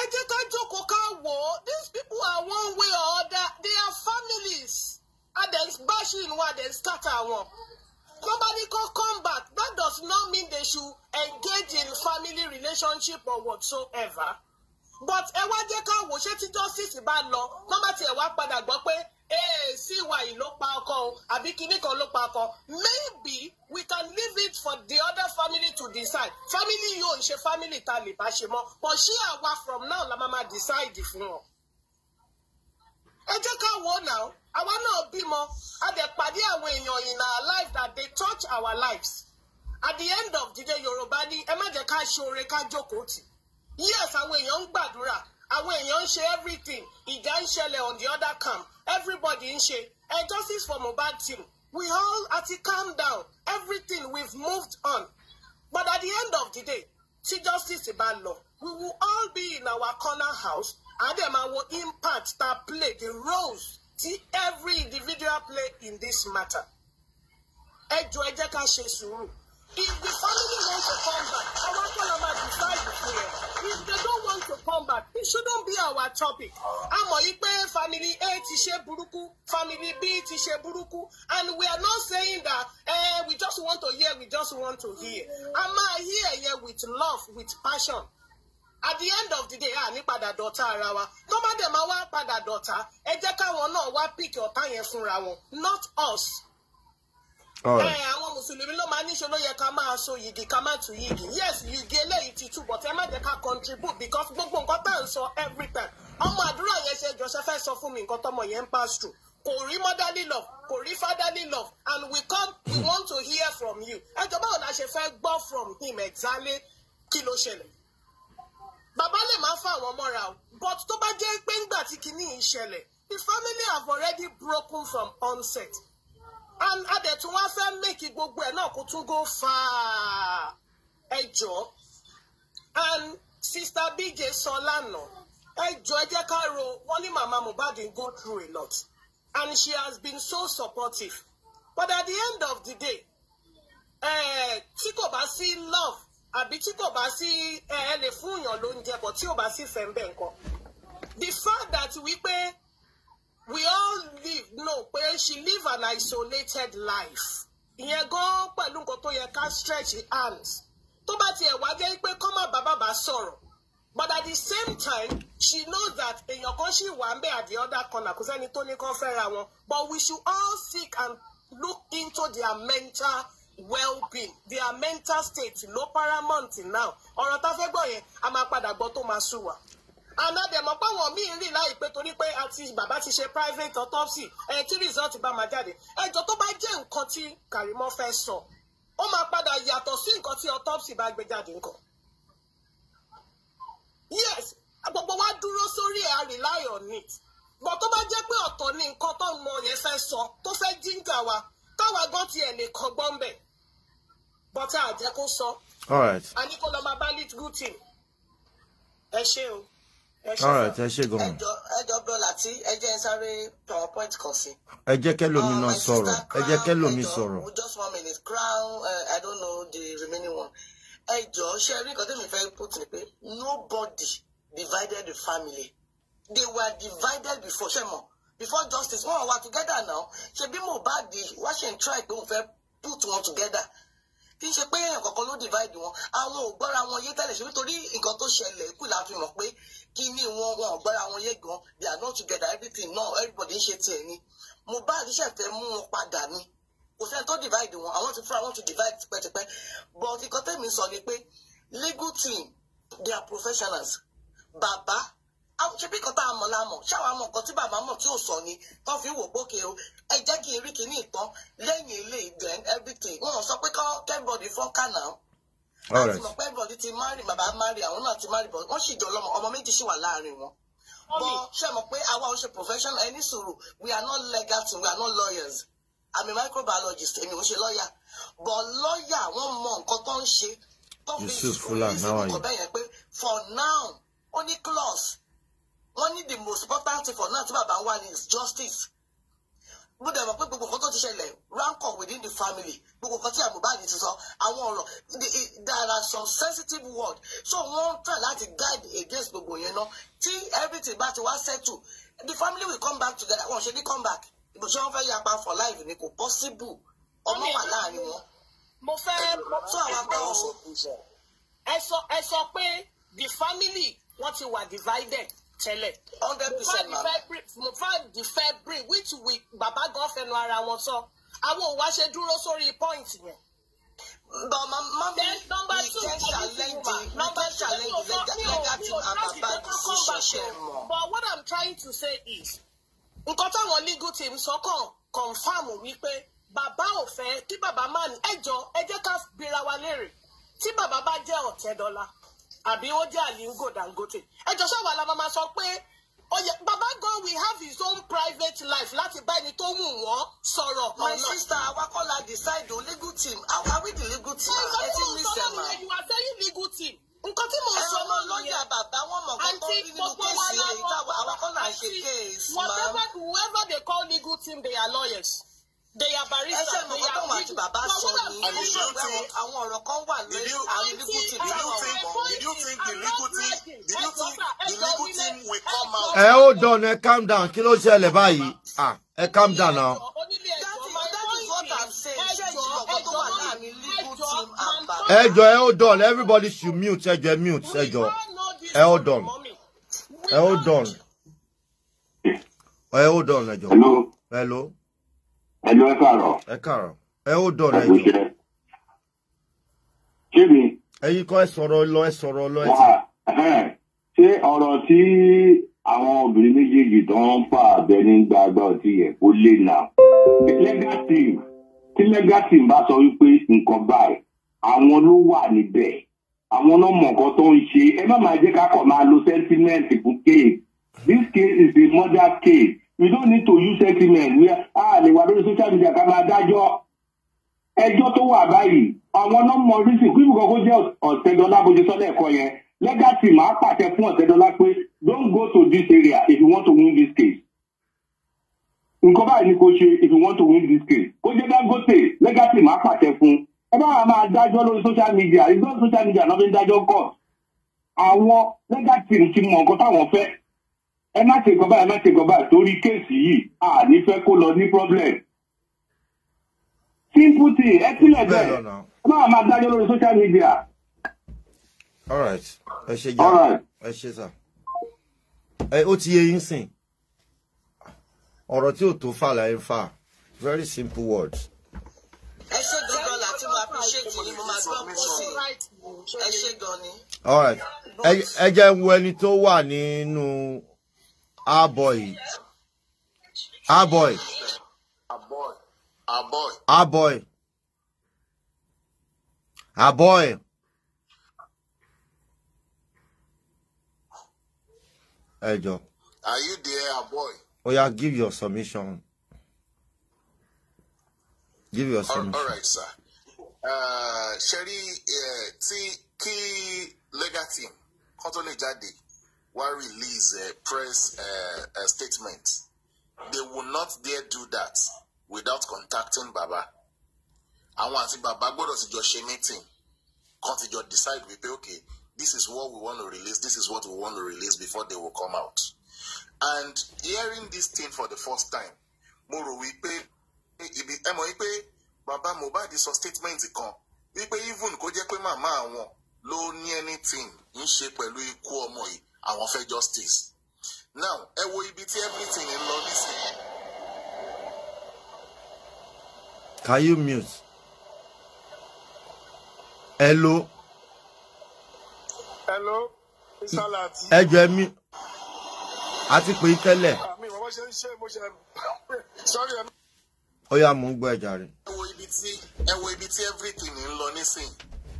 ẹ jẹ́ ká jókòó ká wò ó these people are one way or other they are families adẹ̀ bashing wọn adẹ̀ scatter wọn Nobody kan come back that does not mean they should engage in family relationship or whatsoever but ẹ wá jẹ́ ká wò ṣé tí justice bá lọ nọ́mbà tí ẹ wá padà gbọ́ pé yìí ló pa ọkọ o àbí kinní kan ló pa ọkọ maybe we can leave it for the other family to decide family yóò ṣe family ta lè bá ṣe mọ but ṣé àwa from now la máa decide fún ọ. ẹ jẹ́ ká wò ó náà àwa náà bímọ a dẹ̀ pàdé àwọn èèyàn in our life that dey touch our lives at the end of the day yorùbá ní ẹ má jẹ́ ká ṣoore ká jókòó tì yes àwọn èèyàn ń gbàdúrà àwọn èèyàn ń ṣe everything ìjà ń ṣẹlẹ̀ on the other camp everybody ń ṣe and justice for Mohbad team we all had to calm down everything we've moved on but at the end of the day tí justice bá lọ we will all be in our corner house ademawo impact that play the roles tí every individual play in this matter ẹ jọ̀ọ́ ká ṣe sùúrù. If the family wants to come back, our Koloma decide to it. If they don't want to come back, it shouldn't be our topic. Àmọ́ yìí pé family A ti buruku, family B ti buruku, and we are not saying that eh, we just want to hear, we just want to hear. A máa hear yẹn with love, with passion at the end of the day a ní padà dọ̀tá ara wa tó má dẹ̀ máa wá padà dọ̀tá ẹ jẹ́ káwọn náà wá pìkì ọ̀tá yẹn fúnra wọn not us. Eh, àwọn mùsùlùmí ló máa níṣe ló yẹ ká máa so yìgì ká má tú yìgì yes yìgì eléyìí ti túbọ̀ tẹ́ má jẹ́ ká contribute because gbogbo nǹkan tá à ń sọ every time ọmọ àdúrà yẹn ṣe jọ ṣe sọ fún mi nǹkan tọmọ yẹn ń pass through kò rí motherly love kò rí fatherly love and we come we want to hear from you ẹ jọ báwo la ṣe fẹ́ gbọ́ from him exactly kí ló ṣẹlẹ̀ bàbá lè má fún àwọn mọ́ra o but tó bá jẹ́ pé ńgbà tí kinní yìí the family have already broken from onset adẹ̀tún wá fẹ́ mẹ́kì gbogbo ẹ̀ náà kó tún go far ẹ jọ and sister bj sọ lánàá ẹ jọ ẹ jẹ́ ká ro wọ́n ní màmá Mohbad go through a lot and she has been so supportive but at the end of the day eh, tí kò bá sí love àbí tí kò bá sí eh, ẹ lè fún yàn lóúnjẹ bọ̀ tí ò bá sí fẹ́ ń bẹ̀ nǹkan the fact that wípé we all live no pé she live an isolated life ìyẹn gan pẹ̀lú nǹkan tó yẹ ká stretch hands tó bá tiẹ̀ wá jẹ́ pé kọ́ má bàbá bá sọ̀rọ̀ but at the same time she knows that èèyàn kan ṣì wà ń bẹ̀ at the other corner kò sẹ́ni tó ní kán fẹ́ra wọn but we should all seek and look into their mental well-being their mental state ló paramount now ọ̀rọ̀ tá a fẹ́ gbọ́ yẹn a máa padà gbọ́ tó máa sú wa anádẹ̀mọ́ páwọn míín rí láìpẹ́ torí pé àti bàbá ti ṣe private autopsy ẹ̀ tí result bá máa jáde ẹjọ́ tó bá jẹ́ nǹkan tí Kàrímọ́ fẹ́ sọ ó máa padà yàtọ̀ sí nǹkan tí autopsy bá gbé jáde nǹkan. yes gbogbo wa dúró sórí ẹ̀ rely on it bọ̀ tó bá jẹ́ pé ọ̀tọ̀ ni nǹkan tó ń mọ yẹn fẹ́ sọ tó fẹ́ jíǹgà wa táwa gan tiẹ̀ lè kọ́gbọ́n bẹ̀ bọ́tà àjẹkó sọ. All right. a ní kó lọ máa bá lit good thing ẹ ṣé o all right ẹ ṣe gan. ẹjọ bọ́lá tí I jẹ́ sáré powerpoint kan sí. ẹ jẹ́ kẹ́lòmí um, náà sọ̀rọ̀ ẹ jẹ́ kẹ́lòmí sọ̀rọ̀. just one minute crown uh, i don't know the remaining one. I jọ ṣe because nǹkan tẹ́mi put ni nobody divided the family they were divided before ṣe before justice wọn wà together now ṣe bí Mohbad wá ṣe ń try to put wọn together kì í ṣe pé ọ̀kọ̀ọ̀kan ló divide wọn àwọn ò gbọ́ra wọn yé tẹ́lẹ̀ ṣe nítorí nǹkan tó ṣẹlẹ̀ kù la fi mọ̀ pé kí ni wọn wọn ò gbọ́ra wọn yé gan they are not together everything náà everybody ń ṣe tiẹ̀ ni Mohbad ṣẹ̀fẹ̀ mú wọn padà ni kò sẹ́ni tó divide wọn àwọn ti fún àwọn ti divide tipẹ́tipẹ́ but nǹkan tẹ́mi sọ ni pé legal team they are professionals bàbá ṣe bí nǹkan tá a mọ̀ la mọ̀ ṣáwa mọ̀ tí bàbá mọ̀ tí ò sọ ni tán fi wò pókè o ẹ jẹ́ kí n rí kíní ìtàn lẹ́yìn ilé then everything wọn sọ pé kọ́ kẹ́bọ̀dì fọ́nká náà àti mọ̀ pé ti márì bàbá márì àwọn náà ti márì bọ̀ wọ́n sì jọ lọ́mọ ọmọ méjì sì wà láàrin wọn bọ́ ṣe mọ̀ pé àwa ò ṣe professional ẹni sùúrù we are not legal team we are not lawyers i'm a microbiologist èmi ò ṣe lọ́ọ̀yà bọ̀ lọ́ọ̀yà wọ́n mọ nǹkan tó ń ṣe tó fi ṣùkúrú ìṣèlú bẹ́yẹn pé for now ó ní wọ́n ní the most important thing for now tí bàbá ń wá is justice mo dẹ̀ mọ̀ pé gbogbo nǹkan tó ti ṣẹlẹ̀ rancor within the family gbogbo nǹkan tí Mohbad ti sọ àwọn ọ̀rọ̀ there are some sensitive words so wọ́n try láti guide against gbogbo yẹn náà tí everything bá ti wá settle the family will come back together wọn ṣe ní come back ìbùsọ̀ wọn fẹ́ yapa for life ni kò possible ọmọ wà láàrin wọn. mo fẹ́ tún àwọn àgbà ọ̀sọ̀. ẹ sọ pé the family wọ́n ti wà divided tẹ́lẹ̀. hundred percent ma mo fẹ́ bring which we bàbá gan fẹnu ara wọn sọ àwọn ò ṣe dúró sórí point yẹn. but ma ma mi we challenge we can challenge negative and bad decision ṣe but what i'm trying to say is nǹkan táwọn legal team sọ kàn confam wípé bàbá ò fẹ́ bàbá máa ní ẹjọ́ ẹ ká bira wa léèrè tí bàbá bá jẹ́ ọ̀tẹ̀ dọ́là àbí ó jẹ́ àlíngò Dangote ẹjọ́ ṣáà wà lámàmà sọ pé baba God We have his own private life láti bá ẹni tó wù wọ́n sọ̀rọ̀ my sister awakola decide the legal team how are we the legal team ẹ ti mi sẹ́mà. Ah. you are saying legal team nǹkan tí mo sọ lọ lọ́yà bàbá wọn mọ̀ kọ́kọ́ nínú kéèsì èyí táwọn awakola ṣe kéèsì whatever whoever they call legal team they are lawyers. Dèyà Barrister Dèyà Barrister bàbá sọ ní àwọn ọ̀rọ̀ kan wà lórí àwọn legal team táwọn ọ̀gbọ́n. Did you think the legal team did you think the legal team will come out? Ẹ ó dọ̀nà ẹ calm down kí ló ṣẹlẹ̀ báyìí? Ẹ calm down now. Ẹ jọ̀ọ́ ẹ ó dọ̀nà everybody should mute ẹ jọ̀ọ́ ẹ mute ẹ jọ̀ọ́ ẹ ó dọ̀nà ẹ ó dọ̀nà ẹ ó dọ̀nà ẹ Hello. Hello ẹlò ẹ kàárọ̀. ẹ kàárọ̀ ẹ ó dọ̀rọ̀ ẹ jọ. kí ni. ẹ̀yin kan ẹ sọ̀rọ̀ lọ ẹ sọ̀rọ̀ lọ ẹ ti. Ah, ṣé ọ̀rọ̀ tí àwọn obìnrin méjèèjì tó ń pa abẹ ní gbàgbà ọtí yẹ kó lè nà. legal tí legal bá sọ wípé nǹkan báyìí àwọn ló wà níbẹ̀ àwọn náà nǹkan tó ń ṣe ẹ má máa jẹ́ ká kọ̀ máa lo sentiment fún case this case is a murder case we don't need to use increment we a lè wà lórí social media ká máa dájọ́ ẹjọ́ tó wà báyìí àwọn nọ́mọ rísì kí ibùkọ́ kó jẹ́ ọ̀sẹ̀dọ́lá bó ṣe sọ lẹ́ẹ̀kọ́ yẹn lẹ́gàtì máa pàṣẹ fún ọ̀sẹ̀dọ́lá pé don't go to this area if you want to win this case nǹkan báyìí ni kò ṣe if you want to win this case kó jẹ́ Dangote lẹ́gàtì máa pàṣẹ fún ẹ bá wàá máa dájọ́ lórí social media ìgbọ́n social media náà fi ń dájọ́ court àwọn lẹ́gàtì ti mọ̀ nǹkan táwọn fẹ́ ẹ má ṣe nǹkan báyìí ẹ má ṣe nǹkan báyìí torí kéèsì yìí a ní fẹ́ kó lọ ní problem simple thing ẹ sílẹ̀ bẹ́ẹ̀ máa máa dájọ́ lórí social media. all right ẹ ṣe jà ẹ ṣe sà ẹ ó ti yé yín sìn ọ̀rọ̀ tí ò tó fà láyé fà very simple words. ẹ ṣe gan láti máa fi ṣe kí mo máa gbọ́ kó sí ẹ ṣe gan ni. ẹ jẹ́ wo ẹni tó wà nínú. Aboy. Aboy. Aboy. boy! Aboy. boy! Hey, Joe. Are you there, boy? Oh, yeah, give your submission. Give your submission. All, all right, sir. Uh, Sherry, uh, tí kí legal team, kó tó lè wọ́n release a press uh, a statement they will not dare do that without contacting baba àwọn àti baba gbọ́dọ̀ ti jọ ṣe meeting kan ti jọ decide wípé okay this is what we want to release this is what we want to release before they will come out and hearing this thing for the first time mo rò wípé ibi ẹ mọ̀ wípé baba mobile this statement kan wípé even kó jẹ́ pé màmá àwọn ló anything in shape we ikú ọmọ yìí àwọn fair justice now ẹ wo ibi tí everything ń lọ nísìnyí. Can you mute? Hello. Hello. Isalati. Ẹ jọ ẹ mi. A ti pè é tẹ́lẹ̀. Àmì ah, ìwọ́n ṣe ń ṣe mo ṣe sọ́rí Ó yá mò gbọ́ ẹja rẹ̀. Ẹ wo ibi tí ẹ wo ibi tí everything ń lọ nísìnyí.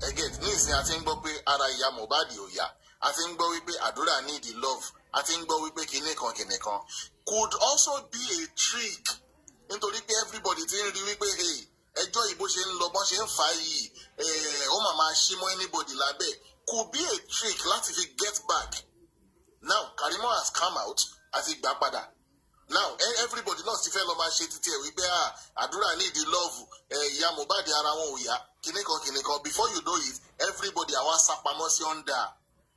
Ẹ gẹ̀t ní ìsìn àti ń gbọ́ pé ara ìyá Mohbad ò yá a ti ń gbọ́ wípé àdúrà need the love a ti ń gbọ́ wípé kinní kan kinní kan could also be a trick nítorí pé everybody ti ń rí wípé hey ẹjọ́ ìbò ṣe ń lọ bọ́n ṣe ń fà á yìí eh, ó mà máa ṣí mọ́ anybody lábẹ́ could be a trick láti fi get back now Karimo has come out àti gbà padà now e, everybody náà ti fẹ́ lọ́ọ́ máa ṣe títí ẹ̀ wípé àdúrà ah, need love eh, ìyá Mohbad ara wọn ò yá kinní kan kinní kan before you know it everybody àwa sápamọ́ sí under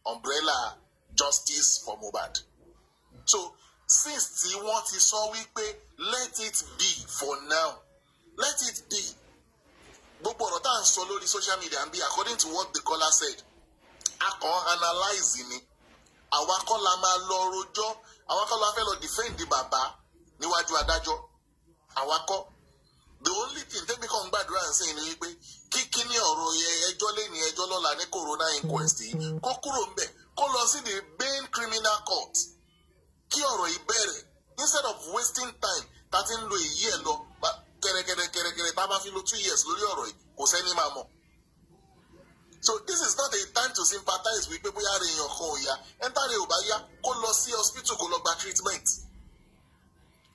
umbrella justice for Mohbad so since tí wọ́n ti sọ wípé let it be for now let it be gbogbo ọ̀rọ̀ tá à ń sọ lórí social media ń bí according to what the caller said a analyze ni àwa kọ́ la máa lọ rojọ́ àwa kọ́ la fẹ́ lọ defend bàbá níwájú adájọ́ àwa kọ́ the only thing tẹ́mi kàn ń gbàdúrà sí ni wípé kíkí ní ọ̀rọ̀ ẹjọ́ lẹ́ni ẹjọ́ lọ́la ní corona inquest yìí mm-hmm. kó kúrò ń bẹ̀ kó lọ sí the main criminal court kí ọ̀rọ̀ yìí bẹ̀rẹ̀ instead of wasting time tá a ti ń lo èyí ẹ̀ lọ kẹrẹkẹrẹ kẹrẹkẹrẹ bá fi lo two years lórí ọ̀rọ̀ yìí kò sẹ́ni máa mọ̀ so this is not a time to sympathize wípé bóyá rẹ̀ èèyàn kan ò yá ẹ̀ńtàrẹ̀ ò bá yá kó lọ sí hospital kó lọ gba treatment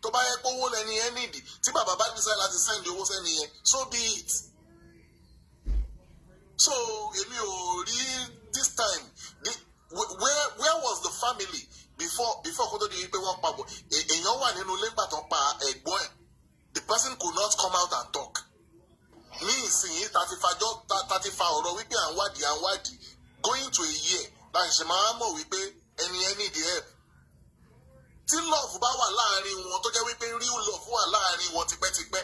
tó bá yẹ kó owó lẹ́ni yẹn nídìí tí bàbá bá decide láti send owó sẹ́ni yẹn so be it so Emi ò rí this time the, where where was the family before before Koto tó di pé wọ́n pa bọ̀ e, èèyàn wà nínú ilé ńgbà tó ń pa ẹ̀gbọ́n ẹ̀ the person could not come out and talk ní ìsinyìí tàti fàjọ́ tàti fa ọ̀rọ̀ wípé à ń wádìí à ń wádìí going to a year láti ṣe máa mọ̀ wípé ẹni ẹni the help tí love bá wà láàrin wọn tó jẹ́ wípé real love wà láàrin wọn tipẹ́tipẹ́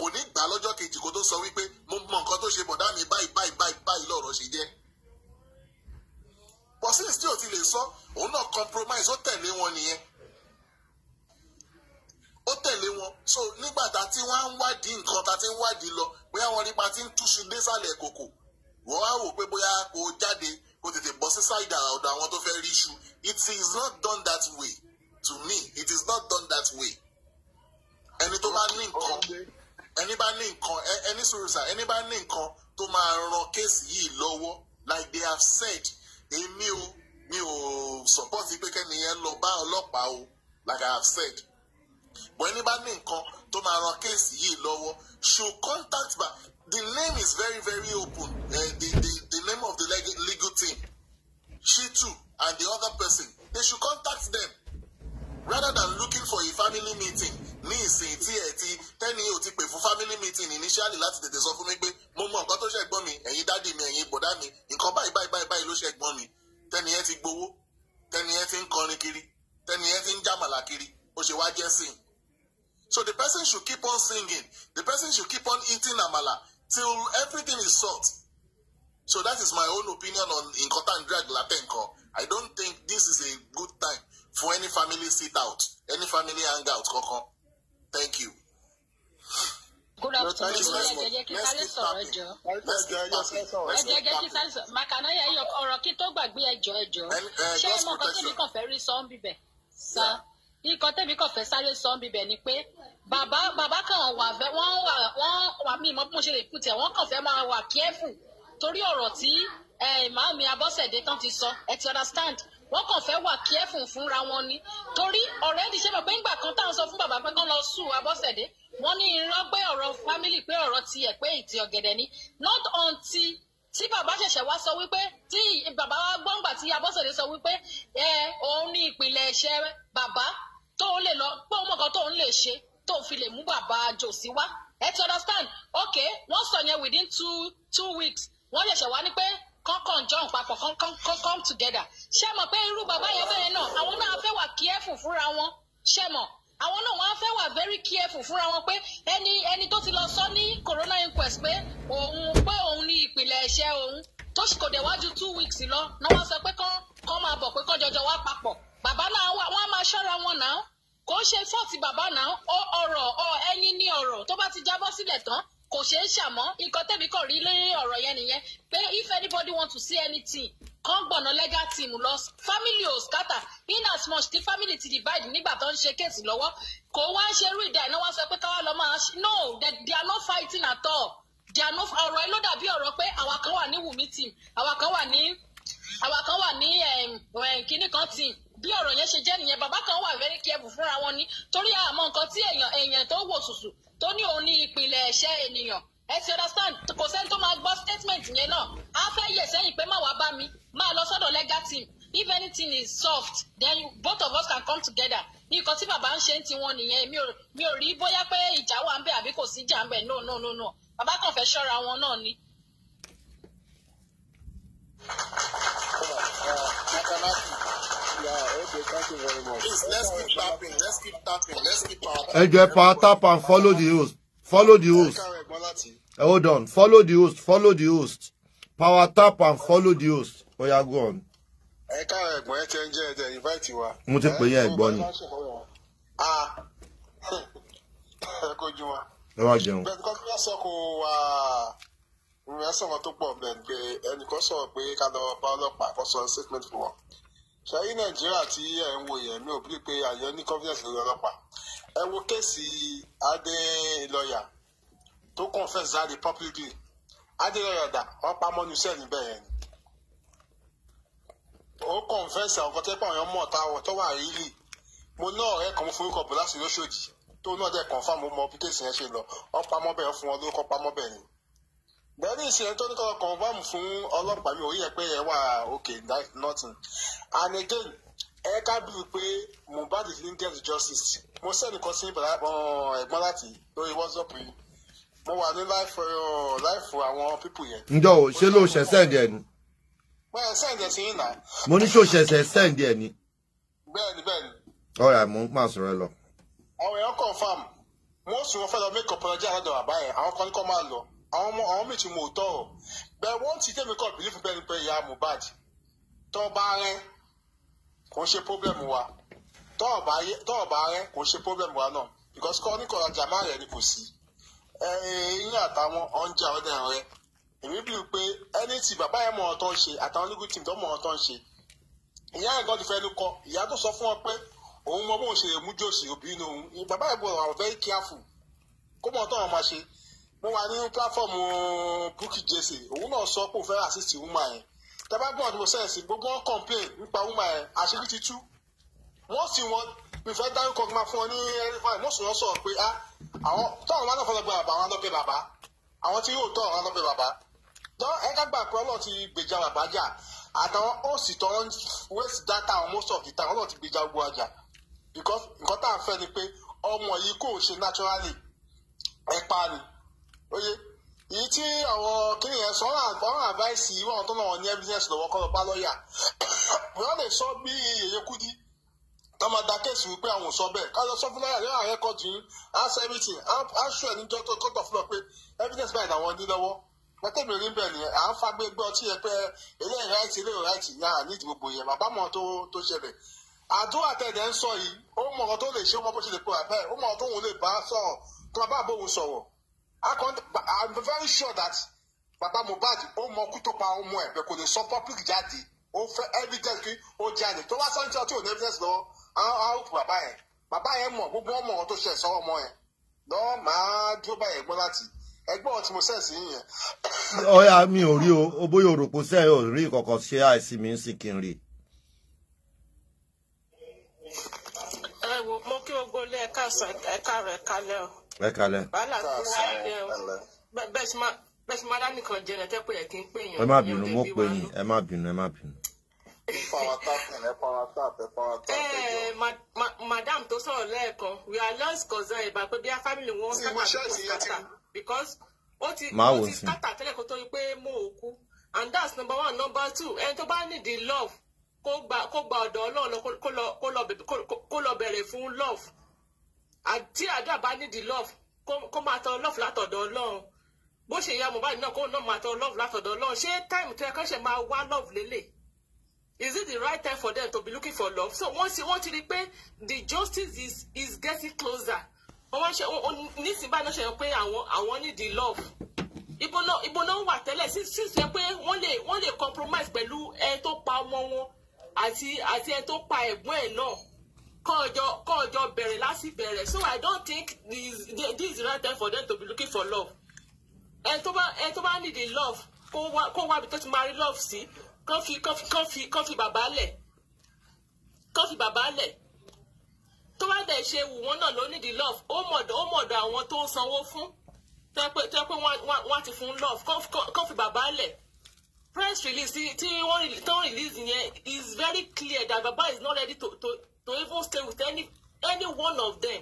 kò ní gbà lọ́jọ́ kejì kó tó sọ wípé mo mọ nǹkan tó ṣe bọ̀dá mi báyìí báyìí báyìí báyìí lọ́rọ̀ ṣe jẹ́ bọ́sílẹ̀ tí ò ti lè sọ òun náà compromise ó tẹ̀lé wọn nìyẹn ó tẹ̀lé wọn so nígbà tá a ti wá ń wádìí nǹkan tá a ti ń wádìí lọ bóyá wọn nípa ti ń túṣu désàlẹ̀ kòkò wọ́n á wò pé bóyá kò jáde kò tètè bọ́ sí ṣáìdà ọ̀dọ̀ àwọn tó fẹ́ rí iṣu it is not done that way to me it is not done that way ẹni tó bá ní nǹkan ẹni bá ní nǹkan ẹni sọ̀rọ̀ sà ẹni bá ní nǹkan tó máa ran kéèsì yìí lọ́wọ́ like they have said èmi o mi ò support pé kẹ́niyẹn lọ bá ọlọ́pàá o like I have said but ẹni bá ní nǹkan tó máa ran kéèsì yìí lọ́wọ́ should contact back the name is very very open uh, the, the the name of the legal team she too and the other person they should contact them rather than looking for a family meeting ní ìsìn tí ẹ ti tẹ́ni ò ti pè fún family meeting initially láti tètè sọ fún mi pé mo mọ nǹkan tó ṣẹ̀gbọ́n mi ẹ̀yin dádì mi ẹ̀yin bọ̀dá mi nǹkan báyìí báyìí báyìí báyìí ló ṣẹ̀gbọ́n mi tẹ́ni ẹ ti gbowó tẹ́ni ẹ ti ń kọrin kiri tẹ́ni ẹ ti ń jàmàlà kiri ó ṣe wá jẹ́ sìn. So the person should keep on singing the person should keep on eating amala till everything is salt. So that is my own opinion on nǹkan tá drag látẹ̀ nǹkan I don't think this is a good time For any family sit out any family hang out kankan thank you. good afternoon ẹ jẹ́ kí sáré sọ̀rọ̀ ẹjọ́ ẹ jẹ́ kí sáré sọ̀rọ̀ màkàná yẹ yọ ọ̀rọ̀ kí tó gbàgbé ẹjọ́ ẹjọ́ uh, ṣé mo kàn tẹ́mi kàn fẹ́ rí sọ́ọ́ bíbẹ̀ sá nǹkan tẹ́mi kàn fẹ́ sáré sọ́ọ́ bíbẹ̀ ni pé bàbá bàbá kan wà fẹ́ wọ́n wà wọ́n wà mí ìmọ̀ bí ṣe lè kú tiẹ̀ wọ́n kàn fẹ́ máa wà careful torí ọ̀rọ̀ tí eh, màámi Abọ́sẹ̀dé tán ti sọ ẹ ti understand wọ́n kàn fẹ́ wà kíẹ́fù fúnra wọn ni torí ọ̀rẹ́dì ṣe mọ̀ pé ńgbà kan tá sọ fún bàbá pé kán lọ sùn Abọ́sẹ̀dé wọ́n ní irọ́ pé ọ̀rọ̀ fámìlì pé ọ̀rọ̀ tiẹ̀ pé ìtì ọ̀gẹ̀dẹ̀ ni not until tí bàbá ṣẹ̀ṣẹ̀ wá sọ wípé tí bàbá wa gbọ́ngbà tí Abọ́sẹ̀dé sọ wípé ẹ òun ní ìpìlẹ̀ ẹ̀ṣẹ̀ bàbá tó lè lọ pé òun mọ̀kan tó lè ṣe tó fi lè mú bàbá jòsí wá ẹ ti understand okay wọ́n sọ yẹn within two two weeks wọ́n ṣẹ̀ṣẹ̀ wá ní pé kọ́kàn jọ̀hún papọ̀ kọ́kàn come together ṣé mọ̀ pé irú bàbá yẹn bẹ́ẹ̀ náà àwọn náà fẹ́ wà careful fúnra wọn ṣé mọ̀ àwọn náà wọ́n á fẹ́ wà very careful fúnra wọn pé ẹni ẹni tó ti lọ sọ ní corona inquest pé òun pé òun ní ìpìlẹ̀ ẹ̀ṣẹ̀ òun tó kò dẹ̀ two weeks lọ náà wọ́n sọ pé kán kán máa bọ̀ pé kán jọjọ wá papọ̀ bàbá náà wà wọ́n á máa ṣọ́ra wọn náà kò ṣe fọ́ọ̀tì bàbá náà ọ̀rọ̀ ẹni ní ọ̀rọ̀ tó bá ti jábọ́ sílẹ̀ tán kò ṣeé ṣàmọ́ nǹkan tẹ́mi kàn rí lórí ọ̀rọ̀ yẹn nìyẹn pé if anybody want to see anything kan gbọ̀nà legal team lọ family ò scatter in as much the family ti divide nígbà tó ń ṣe kéèsì lọ́wọ́ kò wá ń ṣe irú iná wá sọ pé káwá lọ máa no they, they are not fighting at all they are not ọ̀rọ̀ yìí ló dàbí ọ̀rọ̀ pé àwa kan wà ní Wùmí team àwa kan wà ní àwa kan wà ní kíní kan team bí ọ̀rọ̀ yẹn ṣe jẹ́ nìyẹn bàbá kan wà very careful fúnra wọn ni torí àmọ́ nǹkan tí èèyàn èèyàn tó wò sùsù tó ní òun ní ìpìlẹ̀ ẹ̀ṣẹ̀ ènìyàn ẹ understand kò sẹ́ni tó máa gbọ́ statement yẹn náà á fẹ́ yẹ̀ sẹ́yìn pé má wàá bá mi máa lọ sọ́dọ̀ legal team if anything is soft then both of us can come together ní nǹkan tí bàbá ń ṣe ń tiwọn nìyẹn mi ò rí bóyá pé ìjà wà ń bẹ àbí kò sí ìjà ń bẹ no no no no bàbá kàn fẹ́ ṣọ́ra wọn náà ni Let's keep tapping. Let's keep tapping. Let's keep our. Ẹ jẹ́ pa tap and follow the host. Follow the host. Hold on. Follow the host. Follow the host. Power tap and follow the host. Oya go on. Ẹ káàárọ̀ ẹ̀gbọ́n ẹ ti ń jẹ́ ẹ̀jẹ̀ invite wa. Mo ti pè yẹn ẹ̀gbọ́n ni. Ẹ kojú ah. wa. Ẹ wá jẹun. Bẹ́ẹ̀ni kọ́ńtà sọ wá ìrìn sọ̀rọ̀ tó pọ̀ bẹ̀ pé ẹnìkan sọ̀rọ̀ pé ká lọ bá ọlọ́pàá kó sọ statement fún wọn ṣáyé nàìjíríà tí ẹ ń wo yẹn mi ò bí pé àyọ ní confidence lórí ọlọ́pàá ẹ wo kéèsì adé lọ́yà tó confess jáde publicly adé lọ́yà dà wọ́n pa mọ́nu sẹ́ẹ̀ níbẹ̀ yẹn ni ó confess àwọn kan tẹ́pọ̀ àwọn ọmọ ọ̀tá wọn tó wà rílì mo náà ọ̀rẹ́ kan forúkọ bọ̀ láti lóṣòdì tó náà dẹ̀ confam mo mọ bí kéèsì yẹn ṣe lọ wọ́n pa mọ́bẹ̀ fún wọn lórúkọ pa mọ́bẹ̀ ni bẹ́ẹ̀ni ìṣẹ̀lẹ̀ tó ní kọ confam fún ọlọ́pàá mi ò yẹ pé ẹ wà ok nothing and again ẹ ká bíi pé Mohbad didn't get justice mo sẹ́ni kan sí eh, ẹ̀gbọ́n láti lórí WhatsApp yìí mo wà ní láìfọ àwọn pípù yẹn. ǹjọ́ o ṣé ló ṣe sẹ́ǹdì ẹ̀ ni. bẹ́ẹ̀ sẹ́ǹdì ẹ̀ sí yín náà. mo ní ṣó ṣẹ̀ṣẹ̀ sẹ́ǹdì ẹ̀ ni. bẹ́ẹ̀ni bẹ́ẹ̀ni. ọ̀rọ̀ àmọ́ ń pàṣẹ rẹ lọ. àwọn èèyàn confam mo sùn wọn fẹ́ lọ make apology àlọ́dọ̀ bàbá yẹn àwọn kan ní máa lọ àwọn ọmọ àwọn méjì mò tọ́ ọ bẹ́ẹ̀ wọ́n ti tẹ̀mí kọ́ bìlífù bẹ́ẹ̀ ni pé ìyá Mohbad tọ́ bá rẹ́ kò ń ṣe pọ́blẹ́mù wa tọ́ ọ̀bá rẹ́ kò ń ṣe pọ́blẹ́mù wa náà because kọ́ ní kọ́ra jàmá rẹ̀ ni kò sí ẹ̀yìn àtàwọn ọ̀njà ọ̀dẹ rẹ̀ èmi bí pé ẹni tí bàbá yẹn mọ̀ ọ́ tó ń ṣe àtàwọn legal team tó mọ̀ ọ́ tó ń ṣe ìyá ẹ̀ gan ti fẹ́ ló kọ ìyá tó sọ fún ọ pé òun mọ bóun ṣe lè mú jòsì òbí inú òun bàbá yẹn bọ̀ àwọn very careful kó mọ̀ ọ́ tó wọn wọ́n wà ní pílàfọ́ọ̀mù Bukky Jesse òun náà sọ pé òun fẹ́ assist wúmà yẹn tẹ́bá gbọ́n ọdún sẹ́ẹ̀sì gbogbo wọn complain nípa wúmà yẹn àṣírí ti tú wọ́n sì wọ́n ìfẹ́ dárúkọ gbọ́n fún ọ ní ẹ̀rífáì wọ́n sì wọ́n sọ pé á ah, àwọn tọ́wọ́n wọn náà fọlọ́gbẹ́ bàbá àwọn lọ́gbẹ́ bàbá àwọn tí yóò tọ́ àwọn lọ́gbẹ́ bàbá tọ́ ẹ ká gbà pé ọlọ́ọ̀ ti gbèjà bàbá jà àtàwọn òsì tọ́wọ́ waste data àwọn most of the time ọlọ́ọ̀ ti gbèjà gbogbo àjà because nǹkan tá à ń fẹ́ ni pé ọmọ yìí kò ṣe naturally ẹ pa ni oye èyí tí àwọn kìnìún yẹn sọ ọ̀rọ̀ àbáìsì wọn tó náà ní evidence lọ́wọ́ kọ́ lọ bá lọ́ọ̀yà wọ́n lè sọ bí èyí kú dí tọ́mọ da kéèsì wípé àwọn ò sọ bẹ́ẹ̀ ká lọ sọ fún lọ́ọ̀yà lẹ́yìn àrẹ́kọ̀dù yín answer everything answer ní kọ́tọ̀ fún ọ pé evidence báyìí làwọn ní lọ́wọ́ pẹtẹmí rí bẹ́ẹ̀ nìyẹn à ń fagbé gbọ ọtí yẹn pé eléyìí ráìtì eléyìí ráìtì yẹn à ní gbogbo yẹn bàbá mọ tó tó ṣẹlẹ̀ àdúrà tẹdẹ ń sọ yìí ó mọ ọ̀rọ̀ tó lè ṣe ó mọ bó ṣe lè pe bàbá ẹ ó mọ ọ̀rọ̀ tó òun lè bá sọ̀rọ̀ tó bàbá àbóhùn sọ̀rọ̀ I can't. I'm very sure that Baba Mohbad ó mọ kú tó pa ọmọ ẹ̀ bẹ́ẹ̀ kò lè sọ public jáde ó fẹ́ evidence kí ó jáde tó bá sọ́ńtì ọtí ò ní evidence lọ àwọn àwòkù bàbá yẹn bàbá yẹn mọ̀ gbogbo ọmọ ọ̀hún tó ṣe ẹ̀sọ́ ọmọ yẹn lọ́ máa dúró báyẹn gbọ́ láti ẹgbẹ́ ọtí mo sẹ́ẹ̀sì yìnyẹn. ọ̀ya mi ò rí o bóyá òròpó sẹ́ẹ̀ ò rí kankan ṣe àìsí mi ń sì kí n rí. ẹ wo mo kí ogun ilé ẹ̀ka ẹ̀ka rẹ̀ kalẹ̀ o ẹ kalẹ. wàhálà tó wà lẹ o bẹ́ẹ̀ sì máa dá nìkan jẹ ẹ tẹpẹ yẹ kí n pè yín. ẹ má bínú mo pè yín ẹ má bínú ẹ má bínú. ẹ eh, madam tó sọ̀rọ̀ lẹ́ẹ̀kan we are lost cousin ìbá pé bí a family wọn kàtà tó kàtà because ó ti kàtà tẹ́lẹ̀ kó tó yí pé mo ò kú and that's number one number two ẹni tó bá need the love kó gba ọ̀dọ̀ Ọlọ́run kó lọ bẹ̀rẹ̀ fún love àti àdàbà nídìí love kó máa tọ love látọ̀dọ̀ ọlọ́run bó ṣe ya Mohbad náà kó náà máa tọ love látọ̀dọ̀ ọlọ́run ṣé time tó yẹ kán ṣe máa wá love lélẹ̀ is it the right time for them to be looking for love so wọ́n ti wọ́n ti rí pé the justice is is getting closer wọ́n ṣe nísìnyí báyìí náà ṣe pé àwọn àwọn the love ibo náà ibo náà wà tẹ́lẹ̀ sí ṣe pé wọ́n lè wọ́n lè compromise pẹ̀lú ẹni tó pa ọmọ wọn àti àti ẹni tó pa ẹ̀gbọ́n ẹ̀ náà kọ́ọ̀jọ́ kọ́ọ̀jọ́ bẹ̀rẹ̀ láti bẹ̀rẹ̀ so I don't think this, this is the right time for them to be looking for love ẹ tó bá ẹ need love kó wá kó wá bí tó ti máa rí love sí kán fi kán fi kán fi kán fi bàbá lẹ̀ kán fi bàbá lẹ̀ tó bá dẹ̀ ṣe wù wọ́n náà ló need love ó mọ̀dọ̀ ó mọ̀dọ̀ àwọn tó ń sanwó fún tó yẹ pé tó yẹ pé wọ́n á ti fún love kán fi bàbá lẹ̀ press release tí wọ́n release yẹn is very clear that baba is not ready to to to even stay with any any one of them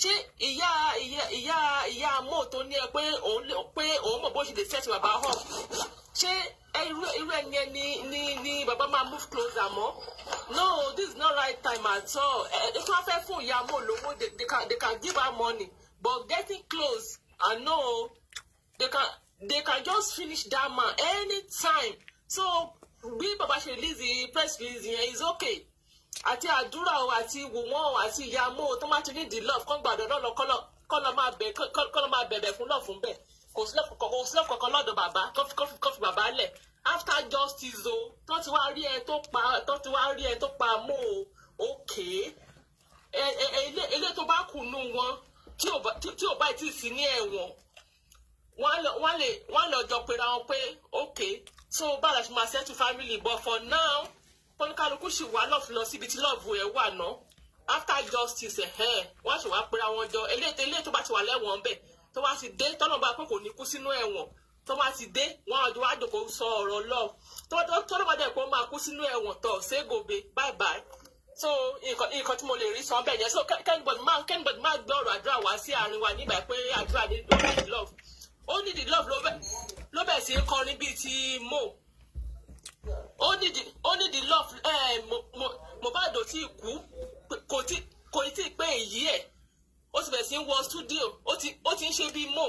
ṣé ìyá ìyá ìyá ìyá mọ tó ní ẹ pé òun pé òun mọ̀ bó ṣe lè set bàbá hàn ṣé irú irú ẹni ni ni ni bàbá máa move closer mọ́ no this is not right time at all ẹ ẹ tí wọ́n fẹ́ fún ìyá mọ lówó they can they can give her money but getting close i know they can they can just finish that man anytime so bí bàbá ṣe release the press release yẹn is okay àti àdúrà o àti ìwòwọ́n o àti ìyàmó o tó má ti ní di love kán gbàdọ̀ lọ́nà kọ́lọ́ máa bẹ̀bẹ̀ fún love fún bẹ́ẹ̀ kò sí love kankan lọ́dọ̀ bàbá kó bàbá lẹ̀ after justice o tó ti wá rí ẹ tó pa tó ti wá rí ẹ tó pa mọ́ o òkè ilé tó bá kù nù wọn tí ò bá ti sí ní ẹ̀wọ̀n wọ́n lè wọ́n lọ́jọ́ pera wọn pé òkè so bá a lè fi máa settle family but for now kọ́níkálukú sì wá lọ́ọ̀fù lọ síbi tí lọ́ọ̀bù ẹ̀ wà ná after justice ẹ̀ wọ́n sì wá pera wọn jọ eléyìí tó bá ti wà lẹ́wọ̀n bẹ̀ tó bá ti dé tọ́lọ́ba pé kò ní kú sínú ẹ̀wọ̀n tó bá ti dé wọn àjọ wájú kò sọ ọ̀rọ̀ lọ tọ́lọ́ba dẹ̀ pé máa kú sínú ẹ̀wọ̀n tọ̀ ségobe bye bye so nǹkan tí mo lè rí san bẹ́ẹ̀ yẹn so kẹ́nìbọ̀dì máa kẹ́nìbọ̀dì máa gbé ọ̀rọ̀ àdúrà wá sí àárín wa nígbà pé àdúrà ní love ó the love ló bẹ̀ sí kọrin bíi ti mo Only the di ó love eh, Mohbad ò tí ì kú kò tí kò tí ì pé èyí ẹ̀ ó ti bẹ̀rẹ̀ sí ń wọ studio ó ti ó ti ń ṣe bíi mo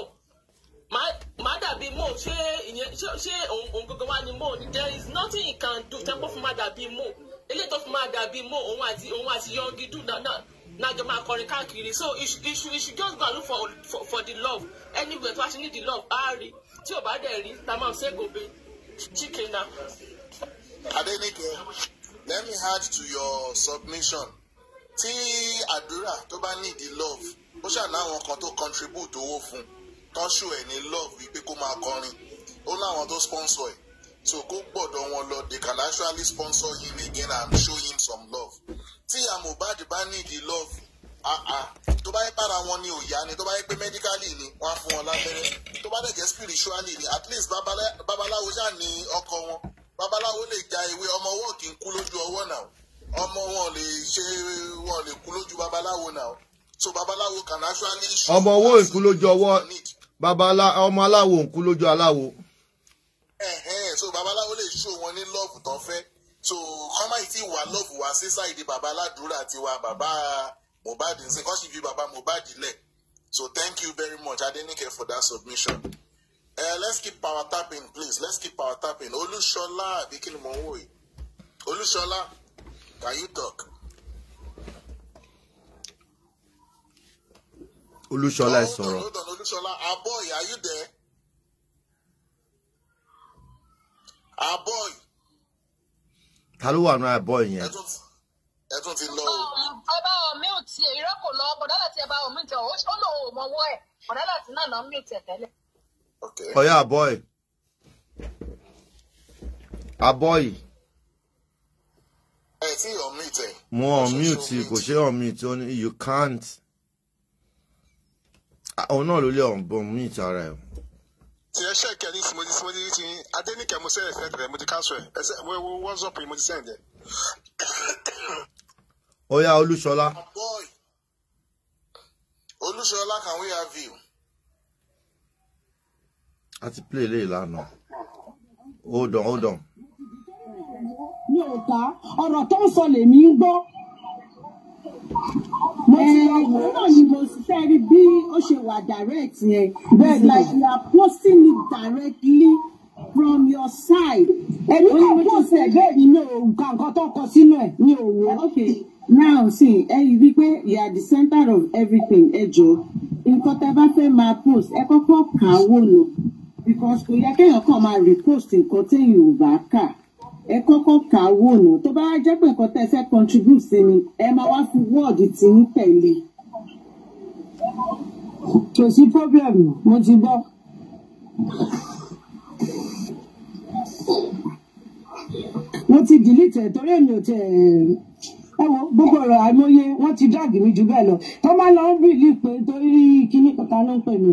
màá dàbí mo ṣé ìyẹn ṣé òun gbogbo wa ni mo there is nothing he can do tẹ́pọ̀ fún máa dàbí mo eléyìí tó fún máa dàbí mo òun àti òun àti yọngi dùn náà nájọ máa kọrin káàkiri so you should, you should, just go look for, for, for the love anywhere tó bá ṣe the love á rí tí ò bá dẹ̀ rí ta máa ṣe gòbe chicken na. Adenike let me add to your submission tí Adura, tó bá need love ó ṣà láwọn kan tó contribute owó fún tọ́ṣù ẹ̀ ní love wípé kó máa kọrin ó láwọn tó sponsor ẹ̀ so kó gbọ́dọ̀ wọn lọ they can actually sponsor him again and show him some love tí ìyá Mohbad bá need love Ah tó bá yẹ para wọn ni òyà ni tó bá yẹ pé medically ni wọn á fún wọn lábẹ́rẹ́ tó bá dẹ̀ jẹ́ spiritually ni at least babaláwo ṣáà ní ọkọ wọn babaláwo lè ja ewé ọmọ ọwọ́ kì í kú lójú ọwọ́ náà ọmọ wọn lè ṣe wọn lè kú lójú babaláwo náà so babaláwo can actually. ọmọ owó ìkú lójú ọwọ́ babalá ọmọ aláwo ń lójú aláwo. so babaláwo lè ṣó wọn ní lọ́ọ̀bù tán fẹ́ so kọ́má ìtì wà lọ́ọ̀bù wá sí ṣáìdì baba aládùúrà tiwa baba Mohbad nsìn kọ́sì ju baba Mohbad lẹ̀ so thank you very much Adenike for that submission. Uh, let's keep power tapping, please. Let's keep power tapping. Olushola Abikilmonwoyi. Olushola, can you talk? Olushola oh, is sọ̀rọ̀. Hold on, Olushola. boy, are you there? Our boy. Hello, wà nù Aboy yẹn? Ẹ tún ti lọ. Ẹ bá ọ mí ò tiẹ̀, irọ́ kò lọ, bọ̀dá láti ẹ bá ọ mí jọ, ó ṣọ́ lò ó mọ ọwọ́ ẹ̀, bọ̀dá Okay. Oya oh, Aboy. A boy. ti unmute ẹ. Mo unmute kò ṣe unmute ó ní you can't. Ah, òun náà ló lé unmute ara Oh Ti ẹ ṣẹ̀kẹ́ ní Simodi Simodi ti Adéníkẹ́ mo sẹ́yìn fẹ́ rẹ̀ can we have you? a ti play eléyìí lánàá hold on hold on. mi ò ta ọ̀rọ̀ tó ń sọ lèmi ń gbọ́. mo ti lọ wò eh, mo fẹ́ rí bí ó ṣe wà direct yẹn bẹ́ẹ̀ like you are posting it directly from your side. èmi kò post ẹ̀ bẹ́ẹ̀ ni mi ò ka nǹkan tó kọ sínú ẹ̀ mi ò wò ó now see ẹ rí pé you are the center of everything ẹ jọ nǹkan tẹ́ bá fẹ́ máa post ẹ kọ́kọ́ kà wò lọ because kò yẹ kéèyàn kàn máa repost nǹkan téèyàn ò bá kà ẹ kọ́kọ́ kà á wò ná tó bá jẹ́ pé nǹkan tẹ́ ẹ fẹ́ contribute sí ni ẹ máa wá fi wọ́ọ̀dì tí ní tẹ̀lé. kò sí problem mo ti gbọ́. mo ti delete ẹ̀ torí èmi ò tẹ̀ ẹ wo gbogbo ọ̀rọ̀ àìmọye wọ́n ti dáàgì mi jù bẹ́ẹ̀ lọ tó máa lọ ń bìlì pé torí kíní kọ̀ọ̀kan ló ń pè mí.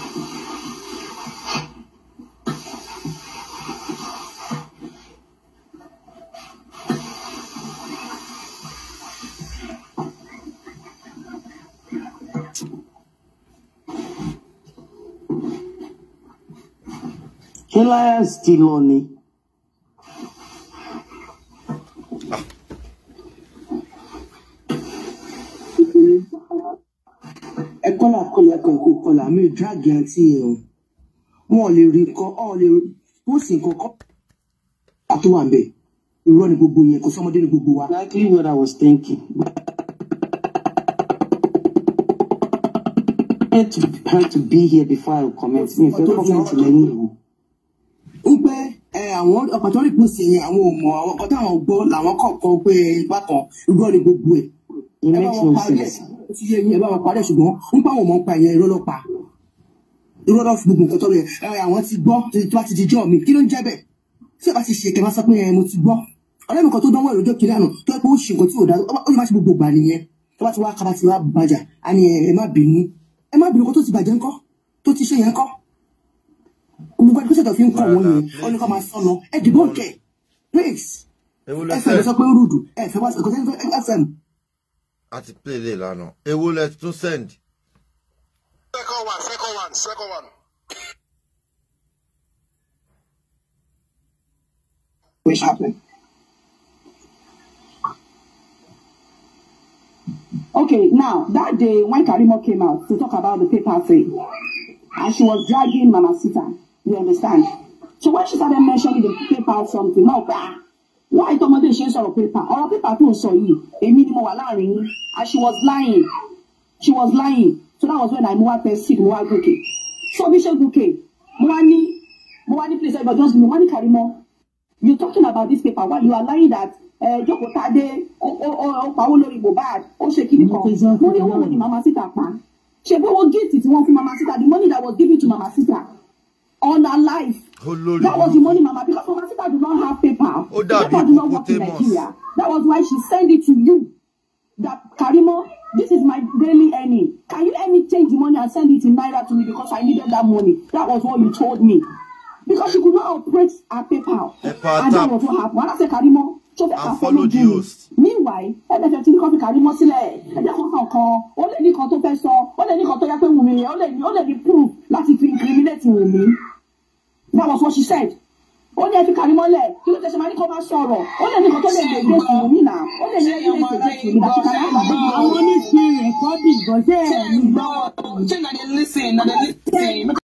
Elias ti lọ ni. ẹ kọ́lá kọ́lá ẹ̀kọ́ ẹ̀kọ́ kọ́lá mi drag àti ẹ̀ wọn lè rí kọ́ ọ lè pósì nǹkan kọ́ àtúwà bẹ́ẹ̀ irọ́ ni gbogbo yẹn kò sọmọdé ni gbogbo wa. likely what I was thinking. I had to, had to be here before I comment. Mi ò fẹ́ comment lẹ́yìn ìwò àwọn ọkọ̀ tó rí yẹn àwọn ò àwọn ọkọ̀ táwọn gbọ́ làwọn kọ̀ọ̀kan pé bákan irú ọ̀nì gbogbo ẹ̀ ẹ bá wọn parí ẹ̀ ṣùgbọ́n wọn pa ìyẹn irọ́ pa irọ́ ló fi gbogbo nǹkan tó rẹ̀ àwọn ti gbọ́ tó bá ti di mi kí ló ń jẹ́ bẹ́ẹ̀ tí ẹ ti ṣe kẹ́ pé mo ti gbọ́ ọ̀rẹ́ tó dánwò ìrọ̀jọ́ kiri àná tó pé ó ṣe nǹkan tí ò dáa ó lè má ṣe gbogbo gbà nìyẹn tó bá ti wá kábàtì wá bàjá á ní ẹ má bínú ẹ má bínú kó tó ti bàjẹ́ ńkọ́ tó ti ṣe yẹn ńkọ́ olùkọ́ ẹgbẹ́ sọ̀tọ̀ fi ń kọ̀ wọ́n yẹn olùkọ́ máa sọ ẹ dìbò kẹ̀ please ẹ fẹ́ lọ sọ pé rúdù ẹ fẹ́ wá sọ ẹ fẹ́ a ti play lè lànà ewu lẹ tún send. second one second one second one. which happened. Okay, now that day when Karimo came out to talk about the paper thing, and she was dragging Mama Sita, You understand? So when she started mentioning the paper something, now bah, why tọmọdé ṣe ń sọ̀rọ̀ paper? Ọ̀rọ̀ paper too ń sọ yìí, èmi ni and she was lying, she was lying. So that was when I mo wá fẹ́ sick, mo wá gòkè. So bí ṣe gòkè, mo wá please everybody just me, mo Karimo, you talking about this paper why you are lying that eh, Jókòó Tádé ó pawó lórí Mohbad, ó ṣe kíní kan, mo ní Money wo ni Mama Sita pa? She bí owó it tí wọ́n from Mama Sita, the money that was given to Mama Sita? on her life. Olori. That was the money, Mama, because Mama Sita do not have PayPal. Oh, PayPal do not work in Nigeria. That was why she sent it to you. That Karimo, this is my daily earning. Can you let me change the money and send it in Naira to me because I needed that money? That was what you told me. Because she could not operate her PayPal. and that was what happened. And I said, Karimo, ah, and follow the host. meanwhile ẹlẹ́fẹ̀ tí kọ́fì kárí mọ́ sílẹ̀ ẹ̀jẹ̀ kan kan kan ó lè ní kan tó fẹ́ sọ ó lè ní kan tó yá pé Wùmí ó lè ní proof láti fi incriminate That was what she said. Only if Ó ní ẹ̀fí kàrí mọ́lẹ̀ kí ló tẹ̀sẹ̀ máa ní kó máa sọ̀rọ̀. Ó lè ní nǹkan tó lè lè gbé ìsìn mí nà. Ó lè ní ẹ̀yìn lè gbé ìsìn mí nà. Àwọn oníṣẹ́ ẹ̀kọ́ bìbọ̀ jẹ́ ẹ̀mí you Ṣé na dey you ten na dey you ten?